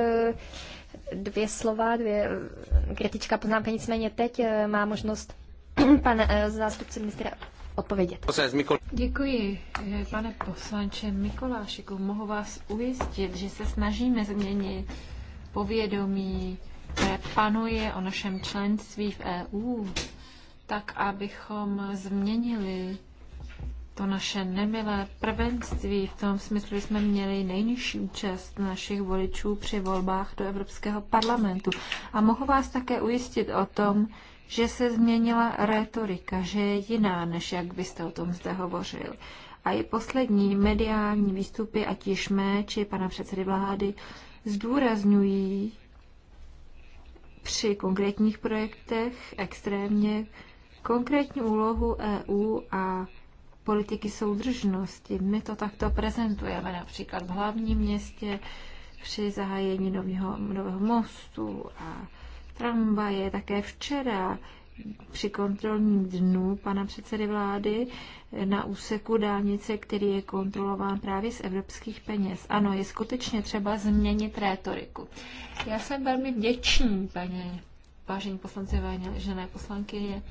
dvě slova, dvě eh, kritická poznámka, nicméně teď eh, má možnost <clears throat> pan eh, zástupce ministra odpovědět. Děkuji, pane poslanče Mikolášiku. Mohu vás ujistit, že se snažíme změnit povědomí, které panuje o našem členství v EU, tak abychom změnili to naše nemilé prvenství v tom smyslu, že jsme měli nejnižší účast našich voličů při volbách do Evropského parlamentu. A mohu vás také ujistit o tom, že se změnila rétorika, že je jiná, než jak byste o tom zde hovořil. A i poslední mediální výstupy, ať již mé, či pana předsedy vlády, zdůrazňují při konkrétních projektech extrémně konkrétní úlohu EU a politiky soudržnosti. My to takto prezentujeme například v hlavním městě při zahájení nového, nového mostu a tramvaje. Také včera při kontrolním dnu pana předsedy vlády na úseku dálnice, který je kontrolován právě z evropských peněz. Ano, je skutečně třeba změnit rétoriku. Já jsem velmi vděčný, paní, vážení poslanci, vážené poslankyně,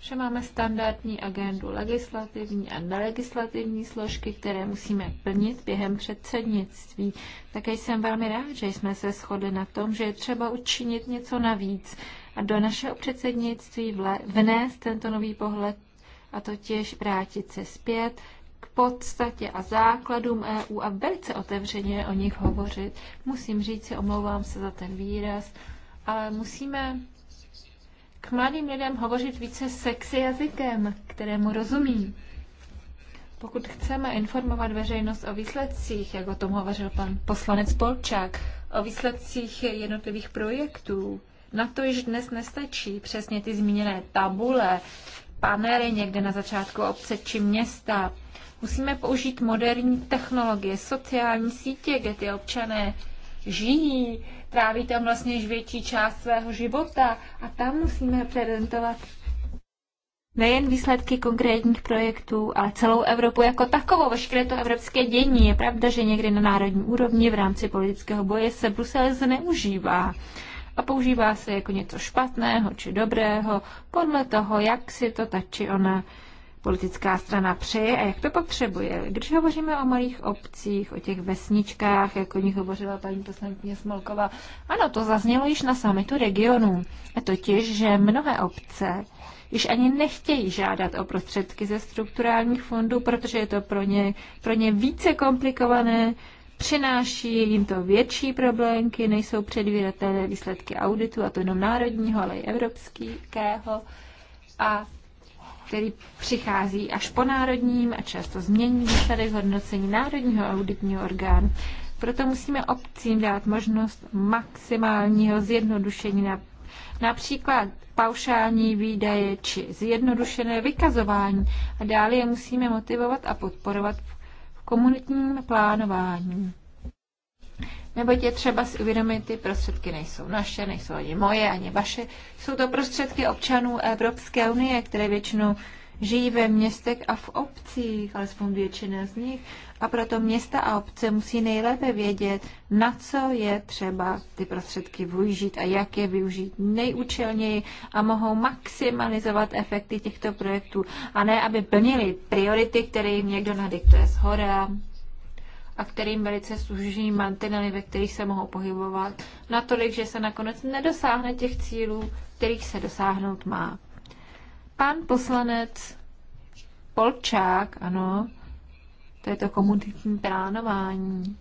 že máme standardní agendu legislativní a nelegislativní složky, které musíme plnit během předsednictví. Také jsem velmi rád, že jsme se shodli na tom, že je třeba učinit něco navíc a do našeho předsednictví vnést tento nový pohled a totiž vrátit se zpět k podstatě a základům EU a velice otevřeně o nich hovořit. Musím říct si, omlouvám se za ten výraz, ale musíme k mladým lidem hovořit více sexy jazykem, kterému rozumí. Pokud chceme informovat veřejnost o výsledcích, jak o tom hovořil pan poslanec Polčák, o výsledcích jednotlivých projektů, na to již dnes nestačí přesně ty zmíněné tabule, panely někde na začátku obce či města. Musíme použít moderní technologie, sociální sítě, kde ty občané žijí, tráví tam vlastně již větší část svého života a tam musíme prezentovat nejen výsledky konkrétních projektů, ale celou Evropu jako takovou, veškeré to evropské dění. Je pravda, že někdy na národní úrovni v rámci politického boje se Brusel zneužívá a používá se jako něco špatného či dobrého podle toho, jak si to ta či ona politická strana přeje a jak to potřebuje. Když hovoříme o malých obcích, o těch vesničkách, jak o nich hovořila paní poslankyně Smolková, ano, to zaznělo již na samitu regionů. A totiž, že mnohé obce již ani nechtějí žádat o prostředky ze strukturálních fondů, protože je to pro ně, pro ně více komplikované, přináší jim to větší problémky, nejsou předvídatelné výsledky auditu, a to jenom národního, ale i evropského. A který přichází až po národním a často změní výsledek hodnocení národního auditního orgánu. Proto musíme obcím dát možnost maximálního zjednodušení na například paušální výdaje či zjednodušené vykazování a dále je musíme motivovat a podporovat v komunitním plánování. Neboť je třeba si uvědomit, ty prostředky nejsou naše, nejsou ani moje, ani vaše. Jsou to prostředky občanů Evropské unie, které většinou žijí ve městech a v obcích, alespoň většina z nich. A proto města a obce musí nejlépe vědět, na co je třeba ty prostředky využít a jak je využít nejúčelněji a mohou maximalizovat efekty těchto projektů a ne, aby plnili priority, které jim někdo nadiktuje z hora a kterým velice služí mantinely, ve kterých se mohou pohybovat, natolik, že se nakonec nedosáhne těch cílů, kterých se dosáhnout má. Pan poslanec Polčák, ano, to je to komunitní plánování.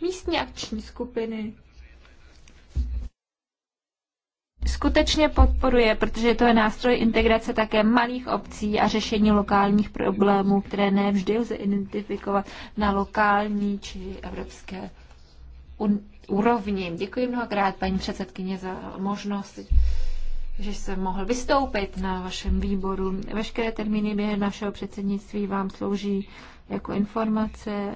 Místní akční skupiny skutečně podporuje, protože to je nástroj integrace také malých obcí a řešení lokálních problémů, které ne vždy lze identifikovat na lokální či evropské úrovni. Děkuji mnohokrát, paní předsedkyně, za možnost že jsem mohl vystoupit na vašem výboru. Veškeré termíny během našeho předsednictví vám slouží jako informace.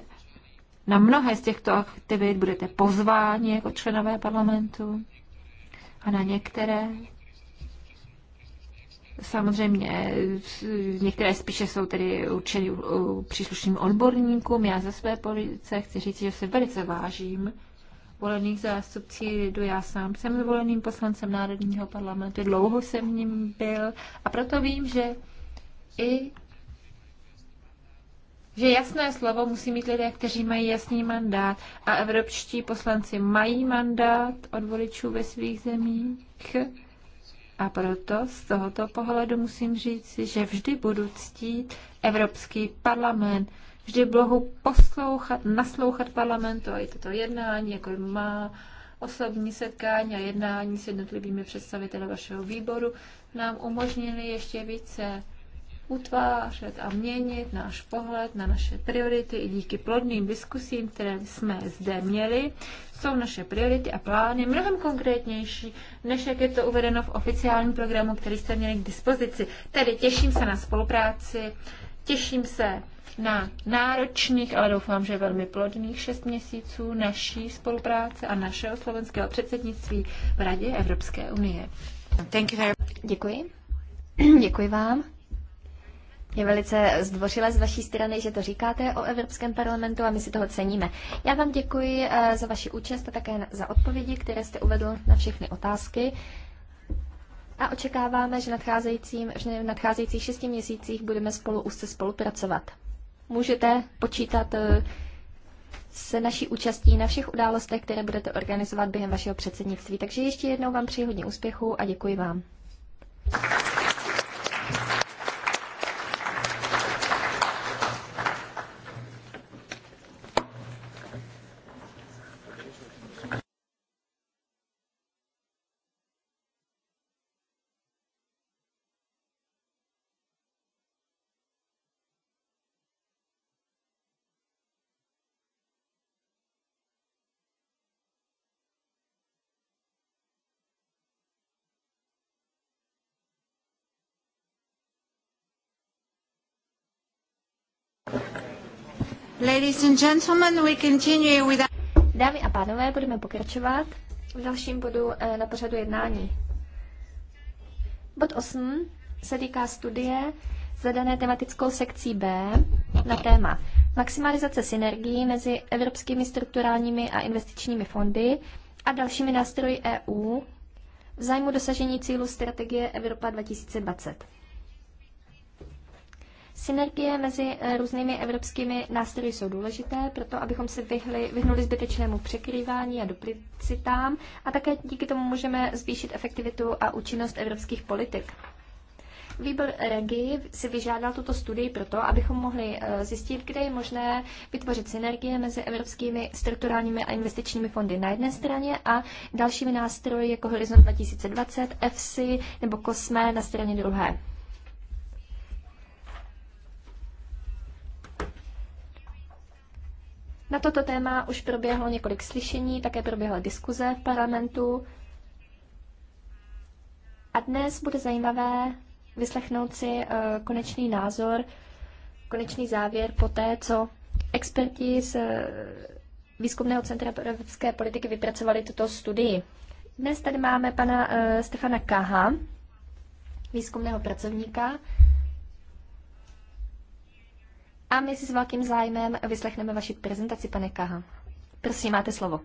Na mnohé z těchto aktivit budete pozváni jako členové parlamentu a na některé Samozřejmě některé spíše jsou tedy určeny příslušným odborníkům. Já za své police chci říct, že se velice vážím volených zástupcí lidu. Já sám jsem zvoleným poslancem Národního parlamentu, dlouho jsem v ním byl a proto vím, že i že jasné slovo musí mít lidé, kteří mají jasný mandát. A evropští poslanci mají mandát od voličů ve svých zemích. A proto z tohoto pohledu musím říct, že vždy budu ctít Evropský parlament. Vždy budu poslouchat, naslouchat parlamentu a i toto jednání, jako má osobní setkání a jednání s jednotlivými představiteli vašeho výboru, nám umožnili ještě více utvářet a měnit náš pohled na naše priority i díky plodným diskusím, které jsme zde měli, jsou naše priority a plány mnohem konkrétnější, než jak je to uvedeno v oficiálním programu, který jste měli k dispozici. Tedy těším se na spolupráci, těším se na náročných, ale doufám, že velmi plodných šest měsíců naší spolupráce a našeho slovenského předsednictví v Radě Evropské unie. Děkuji. Děkuji vám. Je velice zdvořilé z vaší strany, že to říkáte o Evropském parlamentu a my si toho ceníme. Já vám děkuji eh, za vaši účast a také za odpovědi, které jste uvedl na všechny otázky. A očekáváme, že, nadcházejícím, že v nadcházejících šesti měsících budeme spolu úzce spolupracovat. Můžete počítat eh, se naší účastí na všech událostech, které budete organizovat během vašeho předsednictví. Takže ještě jednou vám přeji hodně úspěchu a děkuji vám. Ladies and gentlemen, we continue with... Dámy a pánové, budeme pokračovat v dalším bodu eh, na pořadu jednání. Bod 8 se týká studie zadané tematickou sekcí B na téma maximalizace synergií mezi evropskými strukturálními a investičními fondy a dalšími nástroji EU v zájmu dosažení cílu strategie Evropa 2020. Synergie mezi eh, různými evropskými nástroji jsou důležité, proto abychom se vyhli, vyhnuli zbytečnému překrývání a duplicitám a také díky tomu můžeme zvýšit efektivitu a účinnost evropských politik. Výbor Regi si vyžádal tuto studii proto, abychom mohli eh, zjistit, kde je možné vytvořit synergie mezi evropskými strukturálními a investičními fondy na jedné straně a dalšími nástroji jako Horizon 2020, EFSI nebo COSME na straně druhé. Na toto téma už proběhlo několik slyšení, také proběhla diskuze v parlamentu. A dnes bude zajímavé vyslechnout si eh, konečný názor, konečný závěr po té, co experti z eh, Výzkumného centra pro evropské politiky vypracovali tuto studii. Dnes tady máme pana eh, Stefana Kaha, výzkumného pracovníka a my si s velkým zájmem vyslechneme vaši prezentaci, pane Kaha. Prosím, máte slovo.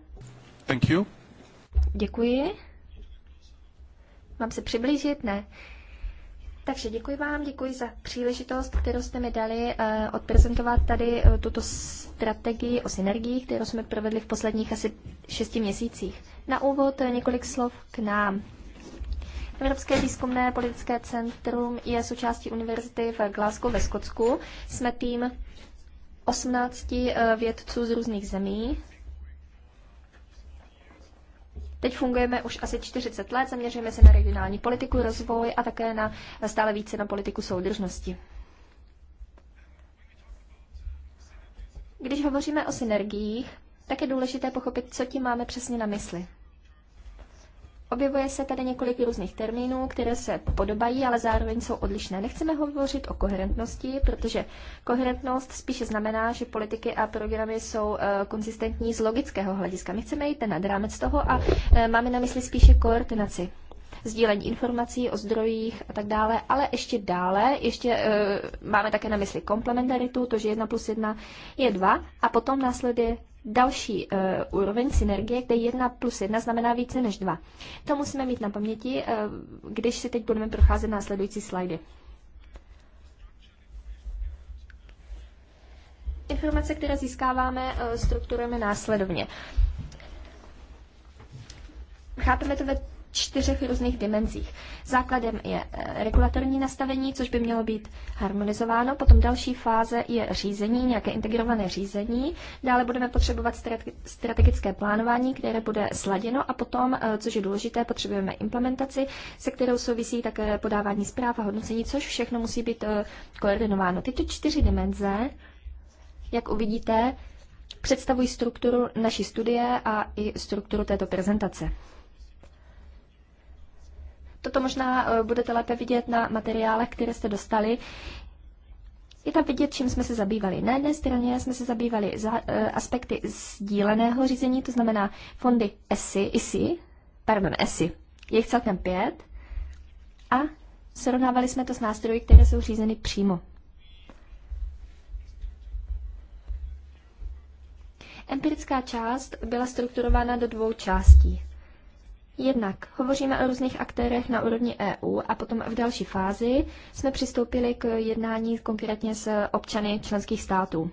Thank you. Děkuji. Mám se přiblížit? Ne. Takže děkuji vám, děkuji za příležitost, kterou jste mi dali eh, odprezentovat tady eh, tuto strategii o synergii, kterou jsme provedli v posledních asi šesti měsících. Na úvod eh, několik slov k nám. Evropské výzkumné politické centrum je součástí univerzity v Glasgow ve Skotsku. Jsme tým 18 eh, vědců z různých zemí. Teď fungujeme už asi 40 let, zaměřujeme se na regionální politiku, rozvoj a také na stále více na politiku soudržnosti. Když hovoříme o synergiích, tak je důležité pochopit, co tím máme přesně na mysli. Objevuje se tady několik různých termínů, které se podobají, ale zároveň jsou odlišné. Nechceme hovořit o koherentnosti, protože koherentnost spíše znamená, že politiky a programy jsou eh, konzistentní z logického hlediska. My chceme jít nad rámec toho a eh, máme na mysli spíše koordinaci sdílení informací o zdrojích a tak dále, ale ještě dále, ještě e, máme také na mysli komplementaritu, to, že 1 plus 1 je 2 a potom následuje další uh, úroveň synergie, kde 1 plus 1 znamená více než 2. To musíme mít na paměti, uh, když si teď budeme procházet následující slajdy. Informace, které získáváme, uh, strukturujeme následovně. Chápeme to ve čtyřech různých dimenzích. Základem je eh, regulatorní nastavení, což by mělo být harmonizováno. Potom další fáze je řízení, nějaké integrované řízení. Dále budeme potřebovat strategické plánování, které bude sladěno a potom, eh, což je důležité, potřebujeme implementaci, se kterou souvisí také podávání zpráv a hodnocení, což všechno musí být eh, koordinováno. Tyto čtyři dimenze, jak uvidíte, představují strukturu naší studie a i strukturu této prezentace. Toto možná eh, budete lépe vidět na materiálech, které jste dostali. Je tam vidět, čím jsme se zabývali. Na jedné straně jsme se zabývali za, eh, aspekty sdíleného řízení, to znamená fondy ESI, ISI, pardon, ESI, je jich celkem pět, a srovnávali jsme to s nástroji, které jsou řízeny přímo. Empirická část byla strukturována do dvou částí. Jednak hovoříme o různých aktérech na úrovni EU a potom v další fázi jsme přistoupili k jednání konkrétně s občany členských států.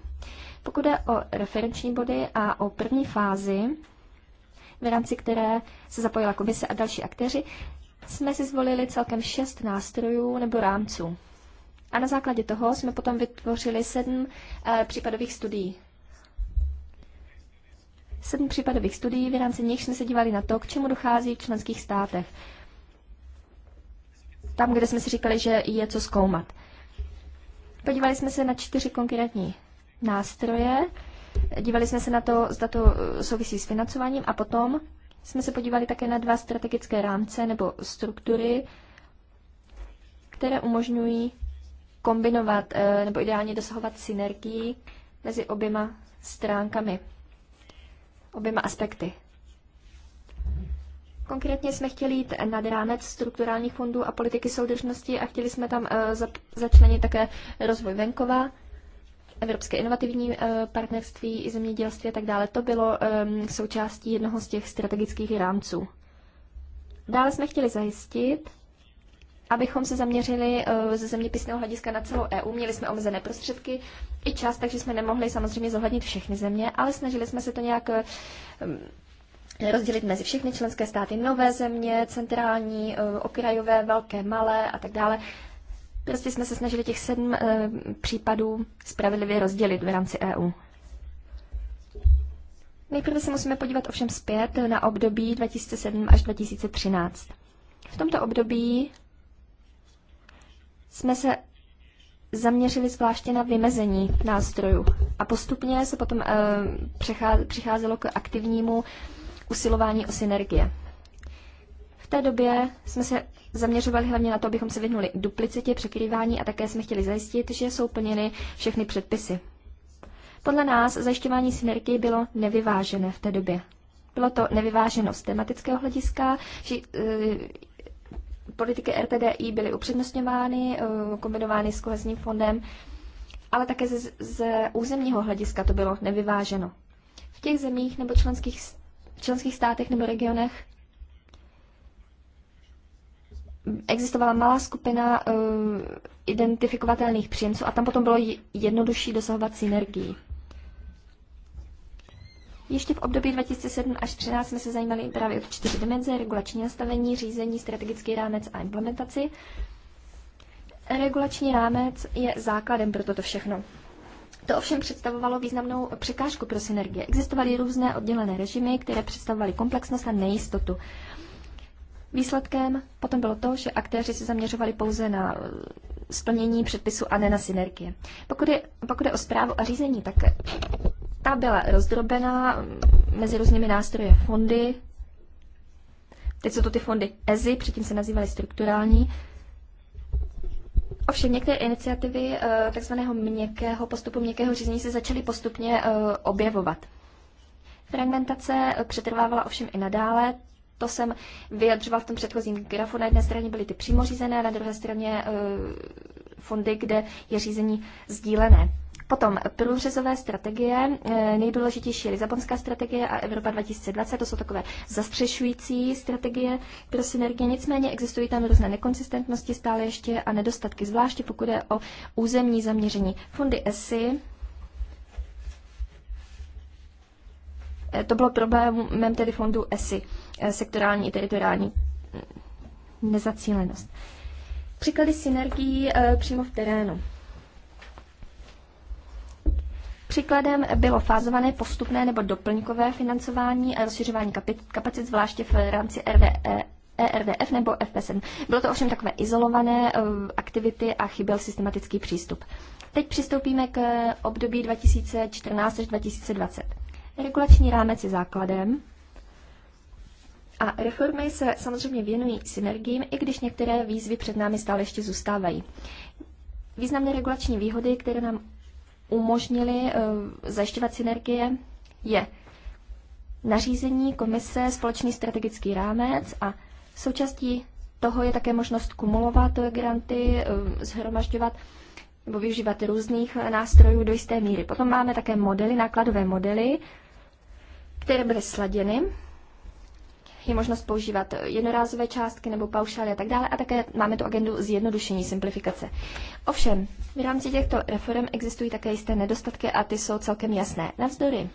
Pokud jde o referenční body a o první fázi, v rámci které se zapojila komise a další aktéři, jsme si zvolili celkem šest nástrojů nebo rámců. A na základě toho jsme potom vytvořili sedm e, případových studií sedm případových studií, v rámci nich jsme se dívali na to, k čemu dochází v členských státech. Tam, kde jsme si říkali, že je co zkoumat. Podívali jsme se na čtyři konkrétní nástroje, dívali jsme se na to, zda to eh, souvisí s financováním a potom jsme se podívali také na dva strategické rámce nebo struktury, které umožňují kombinovat eh, nebo ideálně dosahovat synergii mezi oběma stránkami oběma aspekty. Konkrétně jsme chtěli jít nad rámec strukturálních fondů a politiky soudržnosti a chtěli jsme tam eh, začlenit také rozvoj venkova, Evropské inovativní eh, partnerství i zemědělství a tak dále. To bylo ehm, součástí jednoho z těch strategických rámců. Dále jsme chtěli zajistit, abychom se zaměřili eh, ze zeměpisného hlediska na celou EU. Měli jsme omezené prostředky i čas, takže jsme nemohli samozřejmě zohlednit všechny země, ale snažili jsme se to nějak eh, rozdělit mezi všechny členské státy, nové země, centrální, eh, okrajové, velké, malé a tak dále. Prostě jsme se snažili těch sedm případů spravedlivě rozdělit v rámci EU. Nejprve se musíme podívat ovšem zpět na období 2007 až 2013. V tomto období jsme se zaměřili zvláště na vymezení nástrojů a postupně se potom e, přicházelo k aktivnímu usilování o synergie. V té době jsme se zaměřovali hlavně na to, abychom se vyhnuli duplicitě, překrývání a také jsme chtěli zajistit, že jsou plněny všechny předpisy. Podle nás zajišťování synergie bylo nevyvážené v té době. Bylo to nevyváženost tematického hlediska, že eh, politiky RTDI byly upřednostňovány, eh, kombinovány s kohezním fondem, ale také z, z územního hlediska to bylo nevyváženo. V těch zemích nebo členských, členských státech nebo regionech existovala malá skupina uh, identifikovatelných příjemců a tam potom bylo jednodušší dosahovat synergii. Ještě v období 2007 až 2013 jsme se zajímali právě o čtyři dimenze, regulační nastavení, řízení, strategický rámec a implementaci. Regulační rámec je základem pro toto všechno. To ovšem představovalo významnou překážku pro synergie. Existovaly různé oddělené režimy, které představovaly komplexnost a nejistotu. Výsledkem potom bylo to, že aktéři se zaměřovali pouze na eh, splnění předpisu a ne na synergie. Pokud je, pokud je o zprávu a řízení, tak ta byla rozdrobená mm, mezi různými nástroje fondy. Teď jsou to ty fondy EZI, předtím se nazývaly strukturální. Ovšem některé iniciativy eh, takzvaného měkkého postupu, měkkého řízení se začaly postupně eh, objevovat. Fragmentace eh, přetrvávala ovšem i nadále. To jsem vyjadřoval v tom předchozím grafu. Na jedné straně byly ty přímo řízené, na druhé straně fondy, kde je řízení sdílené. Potom průřezové strategie, eh, nejdůležitější je Lisabonská strategie a Evropa 2020, to jsou takové zastřešující strategie pro synergie, nicméně existují tam různé nekonsistentnosti stále ještě a nedostatky, zvláště pokud je o územní zaměření. Fondy ESI, eh, to bylo problémem tedy fondu ESI, eh, sektorální i teritoriální mm, nezacílenost. Příklady synergií přímo v terénu. Příkladem bylo fázované postupné nebo doplňkové financování a rozšiřování kapacit, zvláště v rámci RVE, ERVF nebo FP7. Bylo to ovšem takové izolované eh, aktivity a chyběl systematický přístup. Teď přistoupíme k období 2014 až 2020. Regulační rámec je základem a reformy se samozřejmě věnují synergiím, i když některé výzvy před námi stále ještě zůstávají. Významné regulační výhody, které nám umožnili eh, zajišťovat synergie, je nařízení komise Společný strategický rámec a součástí toho je také možnost kumulovat granty, eh, zhromažďovat nebo využívat různých eh, nástrojů do jisté míry. Potom máme také modely, nákladové modely, které byly sladěny je možnost používat jednorázové částky nebo paušály a tak dále. A také máme tu agendu zjednodušení, simplifikace. Ovšem, v rámci těchto reform existují také jisté nedostatky a ty jsou celkem jasné. Navzdory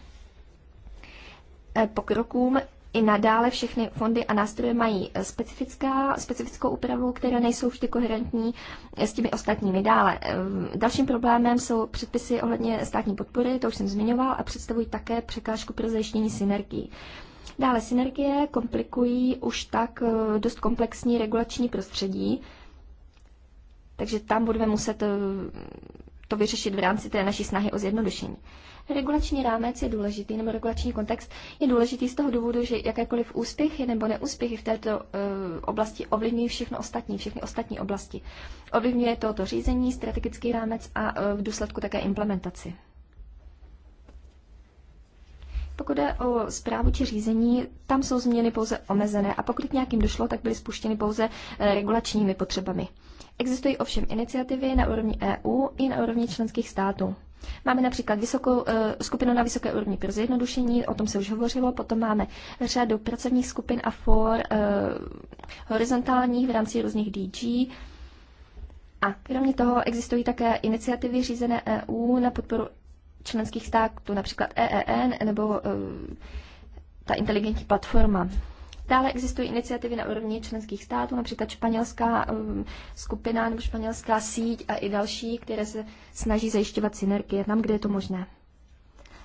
eh, pokrokům i nadále všechny fondy a nástroje mají eh, specifická, specifickou úpravu, které nejsou vždy koherentní eh, s těmi ostatními. Dále dalším problémem jsou předpisy ohledně státní podpory, to už jsem zmiňoval, a představují také překážku pro zajištění synergii. Dále synergie komplikují už tak eh, dost komplexní regulační prostředí, takže tam budeme muset eh, to vyřešit v rámci té naší snahy o zjednodušení. Regulační rámec je důležitý, nebo regulační kontext je důležitý z toho důvodu, že jakékoliv úspěchy nebo neúspěchy v této uh, oblasti ovlivňují všechno ostatní, všechny ostatní oblasti. Ovlivňuje to, to řízení, strategický rámec a uh, v důsledku také implementaci. Pokud jde o zprávu či řízení, tam jsou změny pouze omezené a pokud k nějakým došlo, tak byly spuštěny pouze eh, regulačními potřebami. Existují ovšem iniciativy na úrovni EU i na úrovni členských států. Máme například vysokou, eh, skupinu na vysoké úrovni pro zjednodušení, o tom se už hovořilo, potom máme řadu pracovních skupin a for eh, horizontálních v rámci různých DG. A kromě toho existují také iniciativy řízené EU na podporu členských států, například EEN nebo eh, ta inteligentní platforma. Dále existují iniciativy na úrovni členských států, například španělská eh, skupina nebo španělská síť a i další, které se snaží zajišťovat synergie tam, kde je to možné.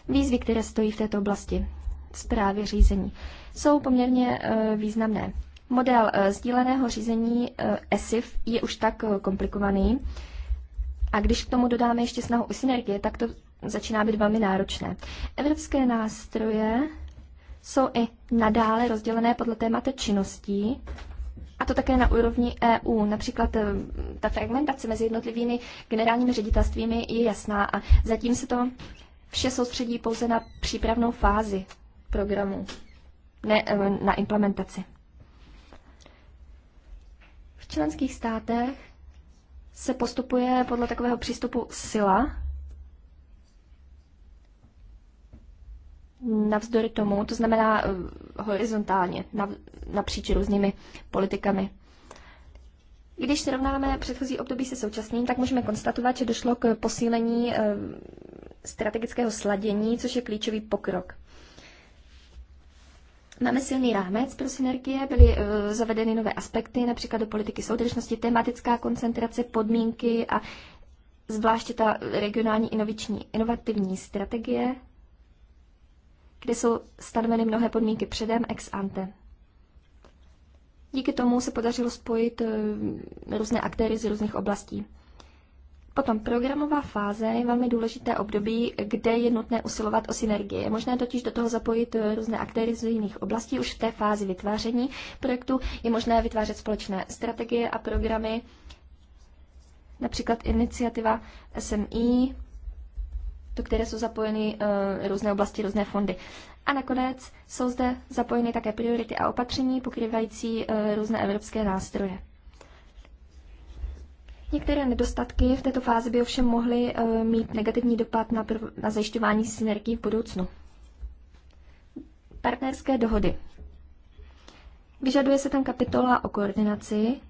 Výzvy, které stojí v této oblasti zprávy řízení, jsou poměrně eh, významné. Model sdíleného řízení ESIF je už tak komplikovaný, a když k tomu dodáme ještě snahu o synergie, tak to začíná být velmi náročné. Evropské nástroje jsou i nadále rozdělené podle témata činností, a to také na úrovni EU. Například eh, ta fragmentace mezi jednotlivými generálními ředitelstvími je jasná a zatím se to vše soustředí pouze na přípravnou fázi programu, ne eh, na implementaci. V členských státech se postupuje podle takového přístupu sila, navzdory tomu, to znamená eh, horizontálně, nav, napříč různými politikami. Když rovnáme předchozí období se současným, tak můžeme konstatovat, že došlo k posílení eh, strategického sladění, což je klíčový pokrok. Máme silný rámec pro synergie, byly eh, zavedeny nové aspekty, například do politiky soudržnosti, tematická koncentrace, podmínky a zvláště ta regionální inoviční, inovativní strategie kdy jsou stanoveny mnohé podmínky předem ex ante. Díky tomu se podařilo spojit eh, různé aktéry z různých oblastí. Potom programová fáze je velmi důležité období, kde je nutné usilovat o synergie. Je možné totiž do toho zapojit eh, různé aktéry z jiných oblastí. Už v té fázi vytváření projektu je možné vytvářet společné strategie a programy, například iniciativa SMI, do které jsou zapojeny eh, různé oblasti, různé fondy. A nakonec jsou zde zapojeny také priority a opatření pokrývající eh, různé evropské nástroje. Některé nedostatky v této fázi by ovšem mohly eh, mít negativní dopad na, prv, na zajišťování synergií v budoucnu. Partnerské dohody. Vyžaduje se tam kapitola o koordinaci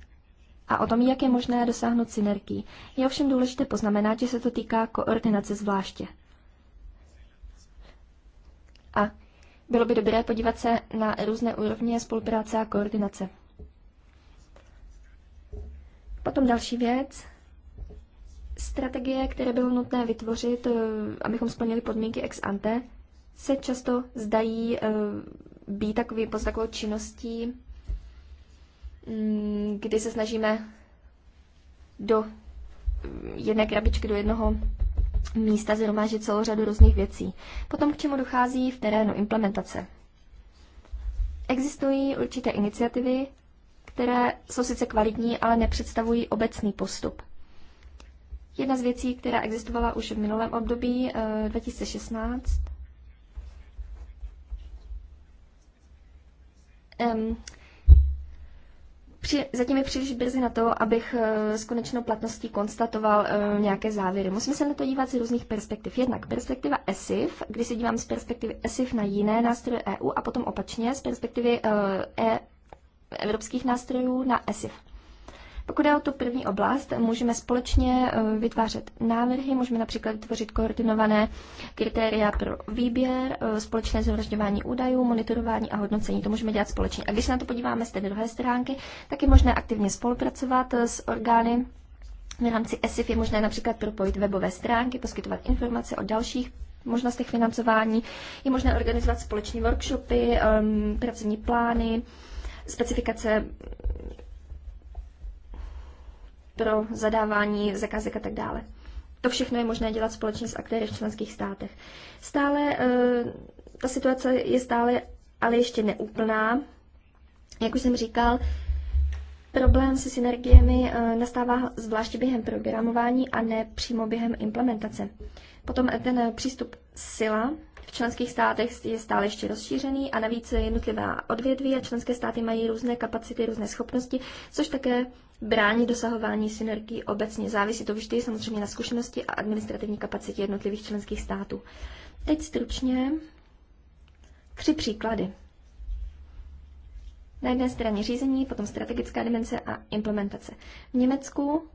a o tom, jak je možné dosáhnout synergii. Je ovšem důležité poznamenat, že se to týká koordinace zvláště. A bylo by dobré podívat se na různé úrovně spolupráce a koordinace. Potom další věc. Strategie, které bylo nutné vytvořit, eh, abychom splnili podmínky ex ante, se často zdají eh, být takový, pod takovou činností, Mm, kdy se snažíme do jedné krabičky, do jednoho místa zhromážit celou řadu různých věcí. Potom k čemu dochází v terénu implementace. Existují určité iniciativy, které jsou sice kvalitní, ale nepředstavují obecný postup. Jedna z věcí, která existovala už v minulém období 2016, eh, při, zatím je příliš brzy na to, abych eh, s konečnou platností konstatoval eh, nějaké závěry. Musím se na to dívat z různých perspektiv. Jednak perspektiva ESIF, kdy se dívám z perspektivy ESIF na jiné nástroje EU a potom opačně z perspektivy eh, e, evropských nástrojů na ESIF. Pokud je o tu první oblast, můžeme společně eh, vytvářet návrhy, můžeme například vytvořit koordinované kritéria pro výběr, eh, společné zhromažďování údajů, monitorování a hodnocení. To můžeme dělat společně. A když se na to podíváme z té druhé stránky, tak je možné aktivně spolupracovat eh, s orgány v rámci ESIF je možné například propojit webové stránky, poskytovat informace o dalších možnostech financování. Je možné organizovat společné workshopy, um, pracovní plány, specifikace pro zadávání zakázek a tak dále. To všechno je možné dělat společně s aktéry v členských státech. Stále eh, ta situace je stále ale ještě neúplná. Jak už jsem říkal, problém se synergiemi eh, nastává zvláště během programování a ne přímo během implementace. Potom ten přístup sila v členských státech je stále ještě rozšířený a navíc jednotlivá odvětví a členské státy mají různé kapacity, různé schopnosti, což také brání dosahování synergii obecně. Závisí to vždy samozřejmě na zkušenosti a administrativní kapacitě jednotlivých členských států. Teď stručně tři příklady. Na jedné straně řízení, potom strategická dimenze a implementace. V Německu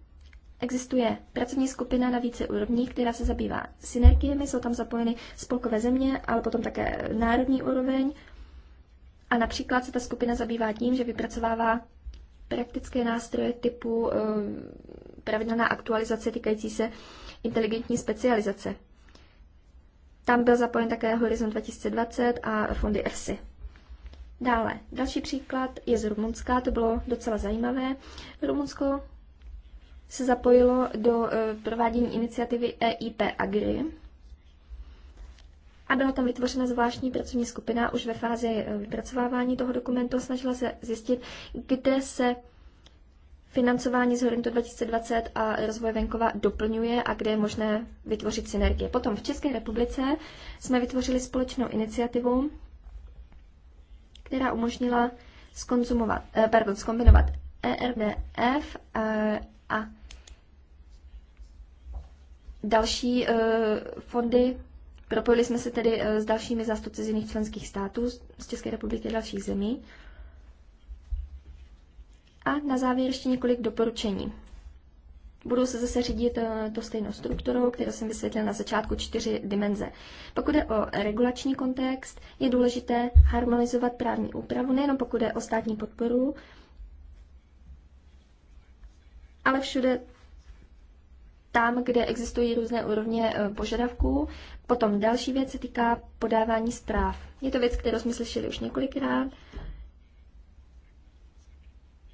existuje pracovní skupina na více úrovních, která se zabývá synergiemi, jsou tam zapojeny spolkové země, ale potom také národní úroveň. A například se ta skupina zabývá tím, že vypracovává praktické nástroje typu eh, pravidelná aktualizace týkající se inteligentní specializace. Tam byl zapojen také Horizont 2020 a fondy ERSI. Dále, další příklad je z Rumunska, to bylo docela zajímavé. Rumunsko se zapojilo do eh, provádění iniciativy EIP Agri, a byla tam vytvořena zvláštní pracovní skupina už ve fázi eh, vypracovávání toho dokumentu. Snažila se zjistit, kde se financování z Horizontu 2020 a rozvoje venkova doplňuje a kde je možné vytvořit synergie. Potom v České republice jsme vytvořili společnou iniciativu, která umožnila skonzumovat, eh, pardon, skombinovat ERDF eh, a další eh, fondy Propojili jsme se tedy eh, s dalšími zástupci z jiných členských států, z České republiky a dalších zemí. A na závěr ještě několik doporučení. Budou se zase řídit eh, to stejnou strukturou, kterou jsem vysvětlil na začátku, čtyři dimenze. Pokud je o regulační kontext, je důležité harmonizovat právní úpravu, nejenom pokud je o státní podporu, ale všude tam, kde existují různé úrovně eh, požadavků, Potom další věc se týká podávání zpráv. Je to věc, kterou jsme slyšeli už několikrát.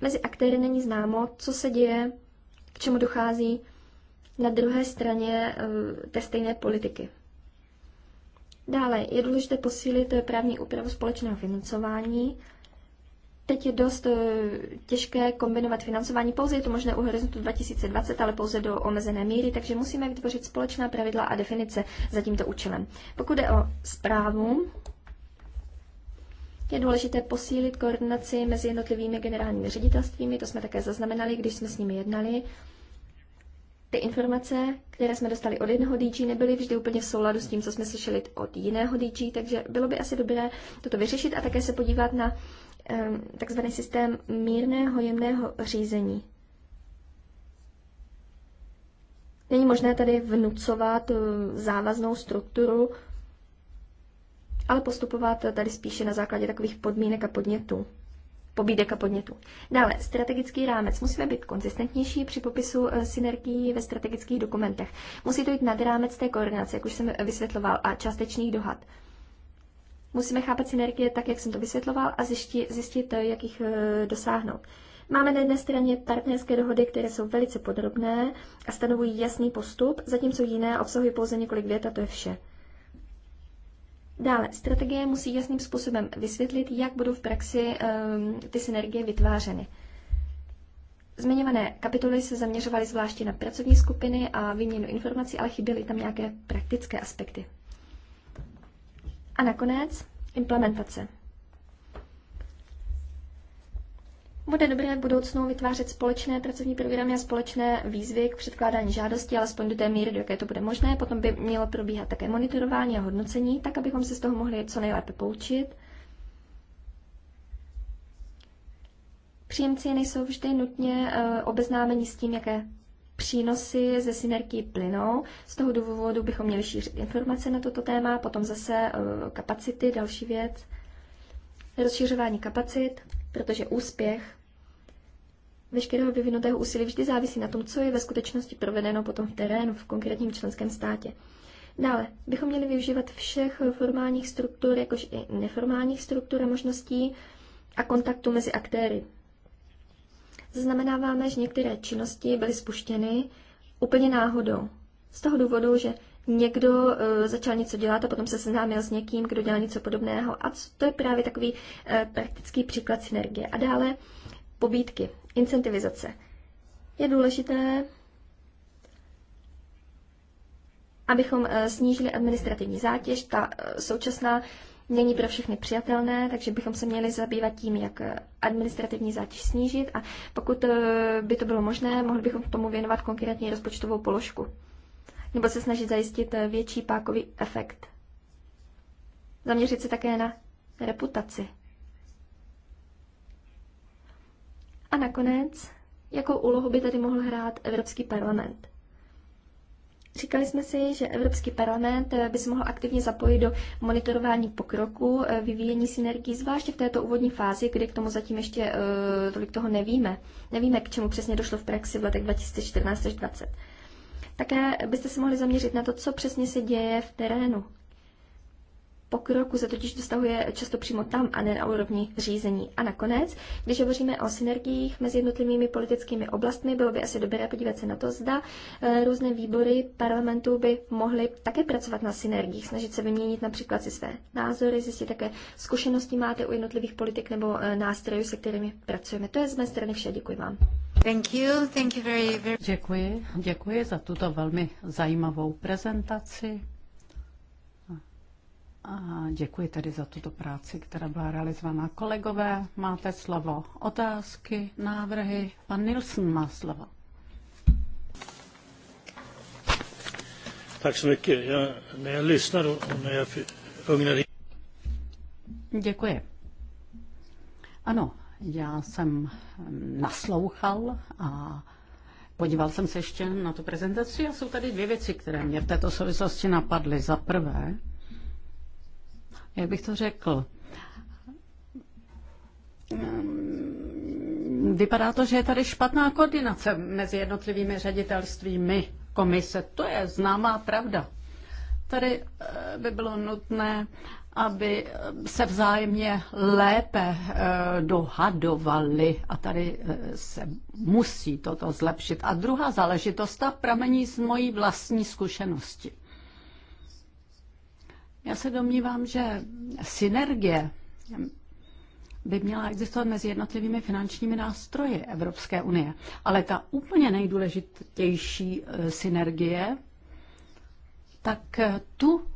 Mezi aktéry není známo, co se děje, k čemu dochází na druhé straně eh, té stejné politiky. Dále je důležité posílit právní úpravu společného financování Teď je dost eh, těžké kombinovat financování. Pouze je to možné u horizontu 2020, ale pouze do omezené míry, takže musíme vytvořit společná pravidla a definice za tímto účelem. Pokud je o zprávu, je důležité posílit koordinaci mezi jednotlivými generálními ředitelstvími, to jsme také zaznamenali, když jsme s nimi jednali. Ty informace, které jsme dostali od jednoho DG, nebyly vždy úplně v souladu s tím, co jsme slyšeli od jiného DG, takže bylo by asi dobré toto vyřešit a také se podívat na Ehm, takzvaný systém mírného jemného řízení. Není možné tady vnucovat ehm, závaznou strukturu, ale postupovat tady spíše na základě takových podmínek a podnětů. Pobídek a podnětů. Dále, strategický rámec. Musíme být konzistentnější při popisu eh, synergií ve strategických dokumentech. Musí to jít nad rámec té koordinace, jak už jsem vysvětloval, a částečných dohad. Musíme chápat synergie tak, jak jsem to vysvětloval, a zjistit, zjistit eh, jak jich eh, dosáhnout. Máme na jedné straně partnerské dohody, které jsou velice podrobné a stanovují jasný postup, zatímco jiné obsahují pouze několik vět a to je vše. Dále, strategie musí jasným způsobem vysvětlit, jak budou v praxi um, ty synergie vytvářeny. Zmiňované kapitoly se zaměřovaly zvláště na pracovní skupiny a výměnu informací, ale chyběly tam nějaké praktické aspekty. A nakonec implementace. Bude dobré v budoucnu vytvářet společné pracovní programy a společné výzvy k předkládání žádostí, alespoň do té míry, do jaké to bude možné. Potom by mělo probíhat také monitorování a hodnocení, tak abychom se z toho mohli co nejlépe poučit. Příjemci nejsou vždy nutně eh, obeznámeni s tím, jaké přínosy ze synergii plynou. Z toho důvodu bychom měli šířit informace na toto téma, potom zase eh, kapacity, další věc, rozšiřování kapacit, protože úspěch veškerého vyvinutého úsilí vždy závisí na tom, co je ve skutečnosti provedeno potom v terénu, v konkrétním členském státě. Dále bychom měli využívat všech formálních struktur, jakož i neformálních struktur a možností a kontaktu mezi aktéry, zaznamenáváme, že některé činnosti byly spuštěny úplně náhodou. Z toho důvodu, že někdo eh, začal něco dělat a potom se seznámil s někým, kdo dělal něco podobného. A to je právě takový eh, praktický příklad synergie. A dále pobídky, incentivizace. Je důležité, abychom e, snížili administrativní zátěž. Ta současná není pro všechny přijatelné, takže bychom se měli zabývat tím, jak eh, administrativní zátěž snížit a pokud eh, by to bylo možné, mohli bychom k tomu věnovat konkrétní rozpočtovou položku. Nebo se snažit zajistit eh, větší pákový efekt. Zaměřit se také na reputaci. A nakonec, jakou úlohu by tady mohl hrát Evropský parlament? Říkali jsme si, že Evropský parlament eh, by se mohl aktivně zapojit do monitorování pokroku, eh, vyvíjení synergií, zvláště v této úvodní fázi, kdy k tomu zatím ještě eh, tolik toho nevíme. Nevíme, k čemu přesně došlo v praxi v letech 2014 až 2020. Také byste se mohli zaměřit na to, co přesně se děje v terénu pokroku se totiž dostahuje často přímo tam a ne na úrovni řízení. A nakonec, když hovoříme o synergiích mezi jednotlivými politickými oblastmi, bylo by asi dobré podívat se na to, zda eh, různé výbory parlamentu by mohly také pracovat na synergiích, snažit se vyměnit například si své názory, zjistit, jaké zkušenosti máte u jednotlivých politik nebo eh, nástrojů, se kterými pracujeme. To je z mé strany vše. Děkuji vám. Thank you. Thank you very, very... Děkuji. Děkuji za tuto velmi zajímavou prezentaci. A děkuji tedy za tuto práci, která byla realizována. Kolegové, máte slovo. Otázky, návrhy. Pan Nilsson má slovo. Tak så mycket. Jag, när Děkuji. Ano, já jsem naslouchal a podíval jsem se ještě na tu prezentaci a jsou tady dvě věci, které mě v této souvislosti napadly. Za prvé, jak bych to řekl, ehm, vypadá to, že je tady špatná koordinace mezi jednotlivými ředitelstvími komise. To je známá pravda. Tady eh, by bylo nutné, aby eh, se vzájemně lépe eh, dohadovali a tady se musí toto zlepšit. A druhá záležitost, ta pramení z mojí vlastní zkušenosti. Já se domnívám, že synergie by měla existovat mezi jednotlivými finančními nástroji Evropské unie. Ale ta úplně nejdůležitější eh, synergie, tak eh, tu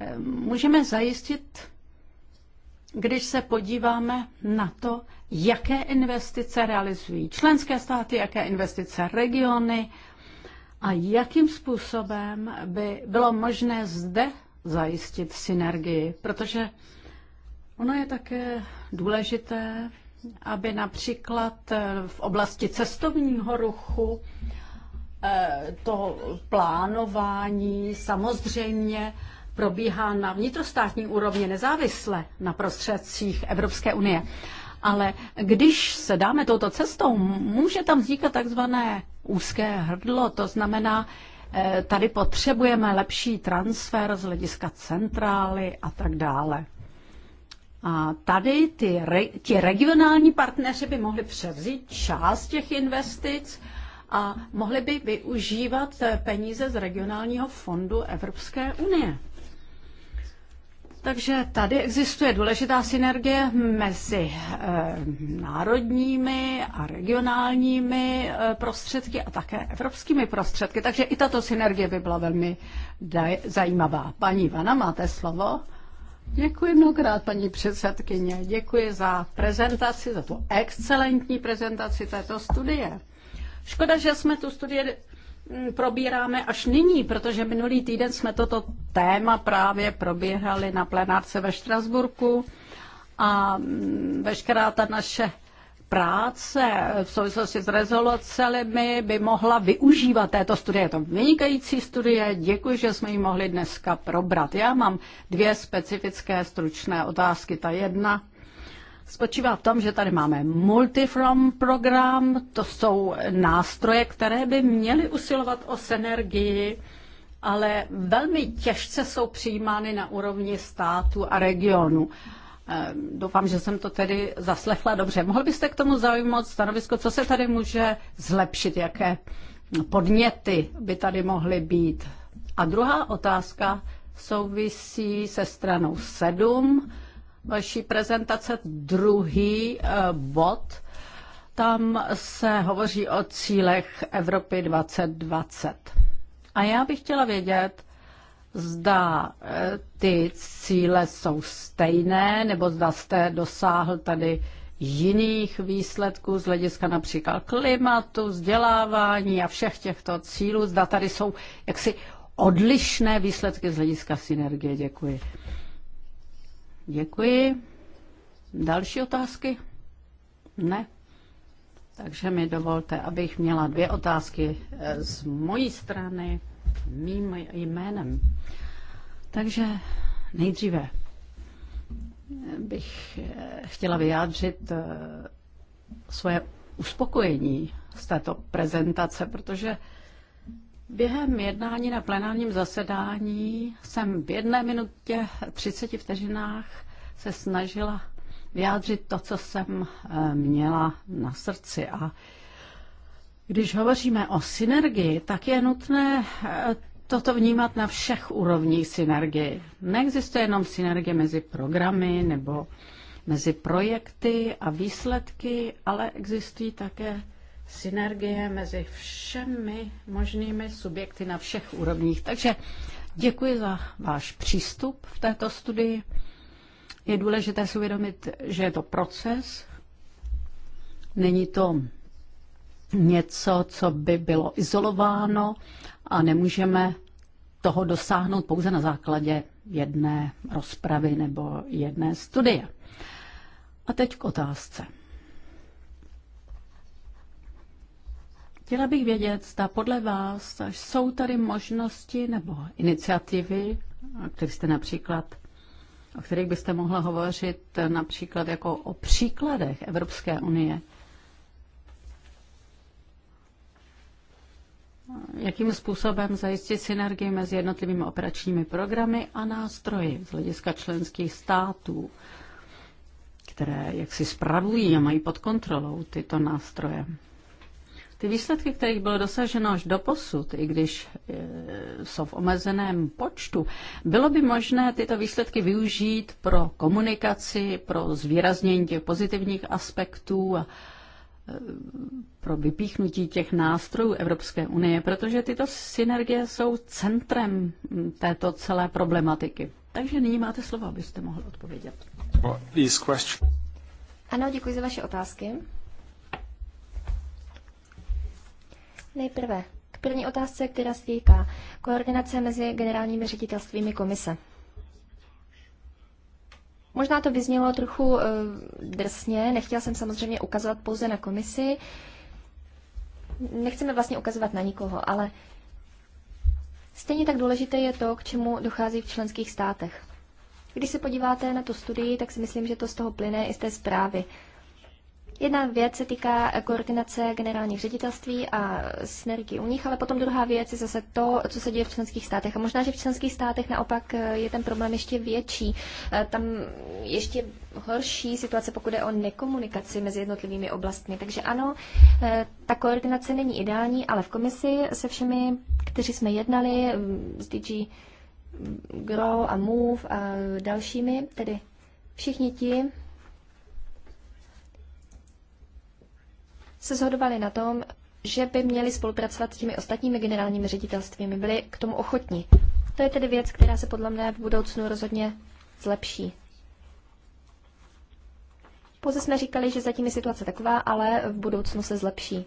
eh, můžeme zajistit, když se podíváme na to, jaké investice realizují členské státy, jaké investice regiony a jakým způsobem by bylo možné zde zajistit synergii, protože ono je také důležité, aby například eh, v oblasti cestovního ruchu eh, to plánování samozřejmě probíhá na vnitrostátní úrovni nezávisle na prostředcích Evropské unie. Ale když se dáme touto cestou, může tam vznikat takzvané úzké hrdlo, to znamená, Eh, tady potřebujeme lepší transfer z hlediska centrály a tak dále. A tady ty, ti regionální partneři by mohli převzít část těch investic a mohli by využívat eh, peníze z regionálního fondu Evropské unie. Takže tady existuje důležitá synergie mezi eh, národními a regionálními eh, prostředky a také evropskými prostředky. Takže i tato synergie by byla velmi zajímavá. Paní Vana, máte slovo? Děkuji mnohokrát, paní předsedkyně. Děkuji za prezentaci, za tu excelentní prezentaci této studie. Škoda, že jsme tu studii Mm, probíráme až nyní, protože minulý týden jsme toto téma právě probíhali na plenárce ve Štrasburku a mm, veškerá ta naše práce v souvislosti s rezolucemi by mohla využívat této studie. Je to vynikající studie, děkuji, že jsme ji mohli dneska probrat. Já mám dvě specifické stručné otázky. Ta jedna spočívá v tom, že tady máme multifrom program, to jsou nástroje, které by měly usilovat o synergii, ale velmi těžce jsou přijímány na úrovni státu a regionu. Eh, doufám, že jsem to tedy zaslechla dobře. Mohl byste k tomu zaujmout stanovisko, co se tady může zlepšit, jaké podněty by tady mohly být? A druhá otázka souvisí se stranou 7 vaší prezentace druhý eh, bod. Tam se hovoří o cílech Evropy 2020. A já bych chtěla vědět, zda eh, ty cíle jsou stejné, nebo zda jste dosáhl tady jiných výsledků z hlediska například klimatu, vzdělávání a všech těchto cílů. Zda tady jsou jaksi odlišné výsledky z hlediska synergie. Děkuji. Děkuji. Další otázky? Ne. Takže mi dovolte, abych měla dvě otázky eh, z mojí strany, mým jménem. Takže nejdříve eh, bych eh, chtěla vyjádřit svoje uspokojení z této prezentace, protože Během jednání na plenárním zasedání jsem v jedné minutě 30 vteřinách se snažila vyjádřit to, co jsem eh, měla na srdci. A když hovoříme o synergii, tak je nutné eh, toto vnímat na všech úrovních synergii. Neexistuje jenom synergie mezi programy nebo mezi projekty a výsledky, ale existují také synergie mezi všemi možnými subjekty na všech úrovních. Takže děkuji za váš přístup v této studii. Je důležité si uvědomit, že je to proces, není to něco, co by bylo izolováno a nemůžeme toho dosáhnout pouze na základě jedné rozpravy nebo jedné studie. A teď k otázce. Chtěla bych vědět, zda podle vás jsou tady možnosti nebo iniciativy, které jste například o kterých byste mohla hovořit například jako o příkladech Evropské unie. Jakým způsobem zajistit synergii mezi jednotlivými operačními programy a nástroji z hlediska členských států, které jaksi spravují a mají pod kontrolou tyto nástroje. Ty výsledky, kterých bylo dosaženo až do posud, i když e, jsou v omezeném počtu, bylo by možné tyto výsledky využít pro komunikaci, pro zvýraznění těch pozitivních aspektů a e, pro vypíchnutí těch nástrojů Evropské unie, protože tyto synergie jsou centrem této celé problematiky. Takže nyní máte slovo, abyste mohli odpovědět. Ano, děkuji za vaše otázky. Nejprve k první otázce, která se týká koordinace mezi generálními ředitelstvími komise. Možná to vyznělo trochu e, drsně, nechtěla jsem samozřejmě ukazovat pouze na komisi. Nechceme vlastně ukazovat na nikoho, ale stejně tak důležité je to, k čemu dochází v členských státech. Když se podíváte na tu studii, tak si myslím, že to z toho plyne i z té zprávy. Jedna věc se týká eh, koordinace generálních ředitelství a synergii u nich, ale potom druhá věc je zase to, co se děje v členských státech. A možná, že v členských státech naopak eh, je ten problém ještě větší. Eh, tam ještě horší situace, pokud je o nekomunikaci mezi jednotlivými oblastmi. Takže ano, ta koordinace není ideální, ale v komisi se všemi, kteří jsme jednali, mm, s DG Grow a Move a dalšími, tedy všichni ti, se shodovali na tom, že by měli spolupracovat s těmi ostatními generálními ředitelstvími, byli k tomu ochotní. To je tedy věc, která se podle mne v budoucnu rozhodně zlepší. Pouze jsme říkali, že zatím je situace taková, ale v budoucnu se zlepší.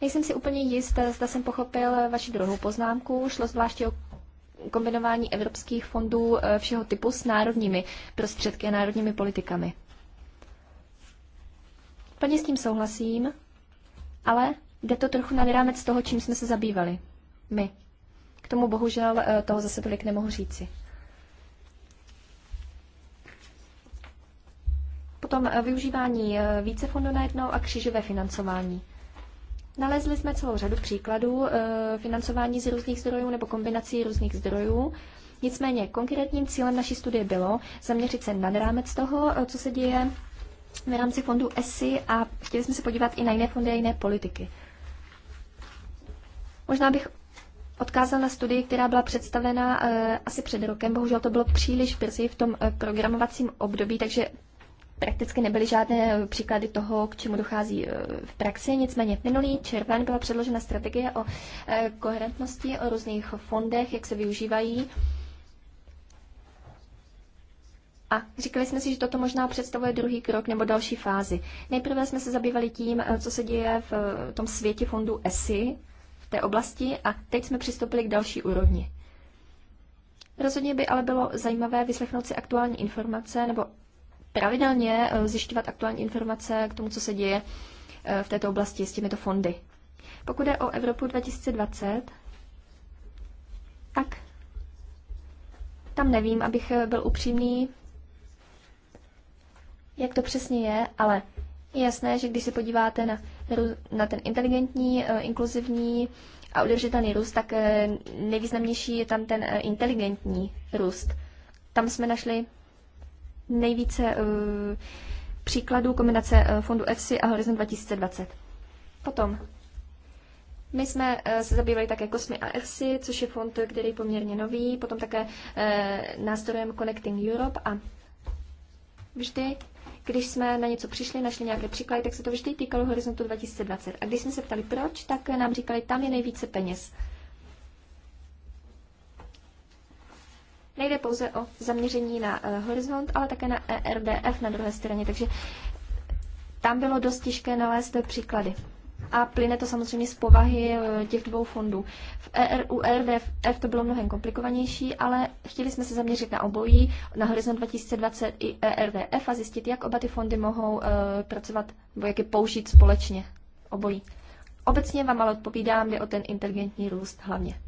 Nejsem si úplně jist, zda jsem pochopil vaši druhou poznámku. Šlo zvláště o kombinování evropských fondů eh, všeho typu s národními prostředky a národními politikami. Plně s tím souhlasím ale jde to trochu nad rámec toho, čím jsme se zabývali. My. K tomu bohužel eh, toho zase tolik nemohu říci. Potom eh, využívání eh, více fondů najednou a křížové financování. Nalezli jsme celou řadu příkladů financování z různých zdrojů nebo kombinací různých zdrojů. Nicméně konkrétním cílem naší studie bylo zaměřit se nad rámec toho, co se děje v rámci fondu ESI a chtěli jsme se podívat i na jiné fondy a jiné politiky. Možná bych odkázal na studii, která byla představena e, asi před rokem. Bohužel to bylo příliš brzy v tom e, programovacím období, takže prakticky nebyly žádné eh, příklady toho, k čemu dochází e, v praxi. Nicméně minulý červen byla předložena strategie o koherentnosti, o různých fondech, jak se využívají a říkali jsme si, že toto možná představuje druhý krok nebo další fázi. Nejprve jsme se zabývali tím, eh, co se děje v eh, tom světě fondu ESI, v té oblasti, a teď jsme přistoupili k další úrovni. Rozhodně by ale bylo zajímavé vyslechnout si aktuální informace nebo pravidelně eh, zjišťovat aktuální informace k tomu, co se děje v této oblasti s těmito fondy. Pokud je o Evropu 2020, tak tam nevím, abych byl upřímný, jak to přesně je, ale je jasné, že když se podíváte na, na ten inteligentní, eh, inkluzivní a udržitelný růst, tak eh, nejvýznamnější je tam ten eh, inteligentní růst. Tam jsme našli nejvíce příkladů kombinace fondu EFSI a Horizon 2020. Potom my jsme se zabývali také Kosmi a EFSI, což je fond, který je poměrně nový, potom také nástrojem Connecting Europe a vždy když jsme na něco přišli, našli nějaké příklady, tak se to vždy týkalo horizontu 2020. A když jsme se ptali proč, tak nám říkali, tam je nejvíce peněz. Nejde pouze o zaměření na uh, horizont, ale také na ERDF na druhé straně, takže tam bylo dost těžké nalézt příklady a plyne to samozřejmě z povahy eh, těch dvou fondů. V ERU, u to bylo mnohem komplikovanější, ale chtěli jsme se zaměřit na obojí, na Horizon 2020 i ERVF a zjistit, jak oba ty fondy mohou eh, pracovat, nebo jak je použít společně obojí. Obecně vám ale odpovídám, jde o ten inteligentní růst hlavně.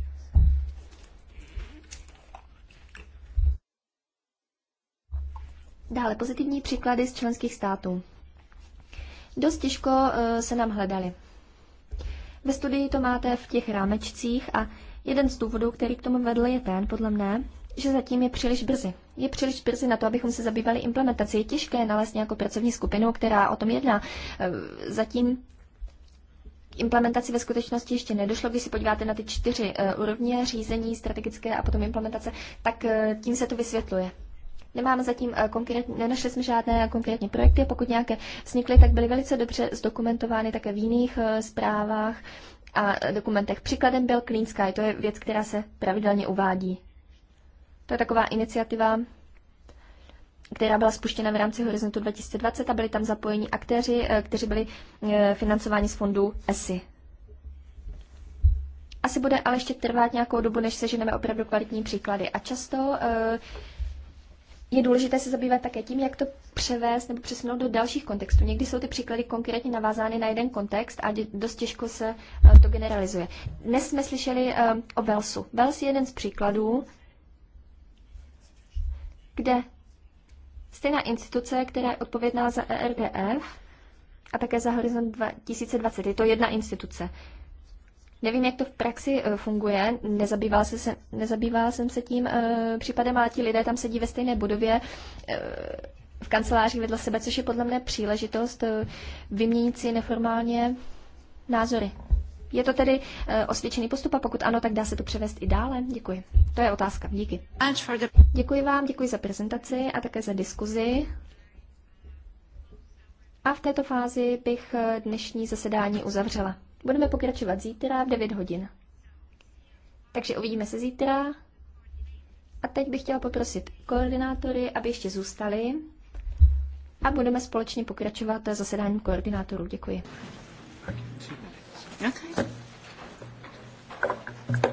Dále pozitivní příklady z členských států. Dost těžko eh, se nám hledali. Ve studii to máte v těch rámečcích a jeden z důvodů, který k tomu vedl, je ten, podle mne, že zatím je příliš brzy. Je příliš brzy na to, abychom se zabývali implementací. Je těžké nalézt nějakou pracovní skupinu, která o tom jedná. Eh, zatím implementaci ve skutečnosti ještě nedošlo. Když si podíváte na ty čtyři eh, úrovně řízení, strategické a potom implementace, tak eh, tím se to vysvětluje. Nemáme zatím eh, konkrétně, nenašli jsme žádné konkrétní projekty, pokud nějaké vznikly, tak byly velice dobře zdokumentovány také v jiných eh, zprávách a dokumentech. Příkladem byl Clean Sky, to je věc, která se pravidelně uvádí. To je taková iniciativa, která byla spuštěna v rámci Horizontu 2020 a byli tam zapojeni aktéři, eh, kteří byli financováni z fondů ESI. Asi bude ale ještě trvat nějakou dobu, než seženeme opravdu kvalitní příklady. A často je důležité se zabývat také tím, jak to převést nebo přesunout do dalších kontextů. Někdy jsou ty příklady konkrétně navázány na jeden kontext a dost těžko se eh, to generalizuje. Dnes jsme slyšeli eh, o Velsu. Vels je jeden z příkladů, kde stejná instituce, která je odpovědná za ERDF a také za Horizon 2020, je to jedna instituce, Nevím, jak to v praxi e, funguje, nezabývala, se, se, nezabývala jsem se tím e, případem, ale ti lidé tam sedí ve stejné budově e, v kanceláři vedle sebe, což je podle mne příležitost vyměnit si neformálně názory. Je to tedy osvědčený postup a pokud ano, tak dá se to převést i dále? Děkuji. To je otázka. Díky. Děkuji vám, děkuji za prezentaci a také za diskuzi. A v této fázi bych dnešní zasedání uzavřela. Budeme pokračovat zítra v 9 hodin. Takže uvidíme se zítra. A teď bych chtěla poprosit koordinátory, aby ještě zůstali a budeme společně pokračovat zasedáním koordinátorů. Děkuji. Okay.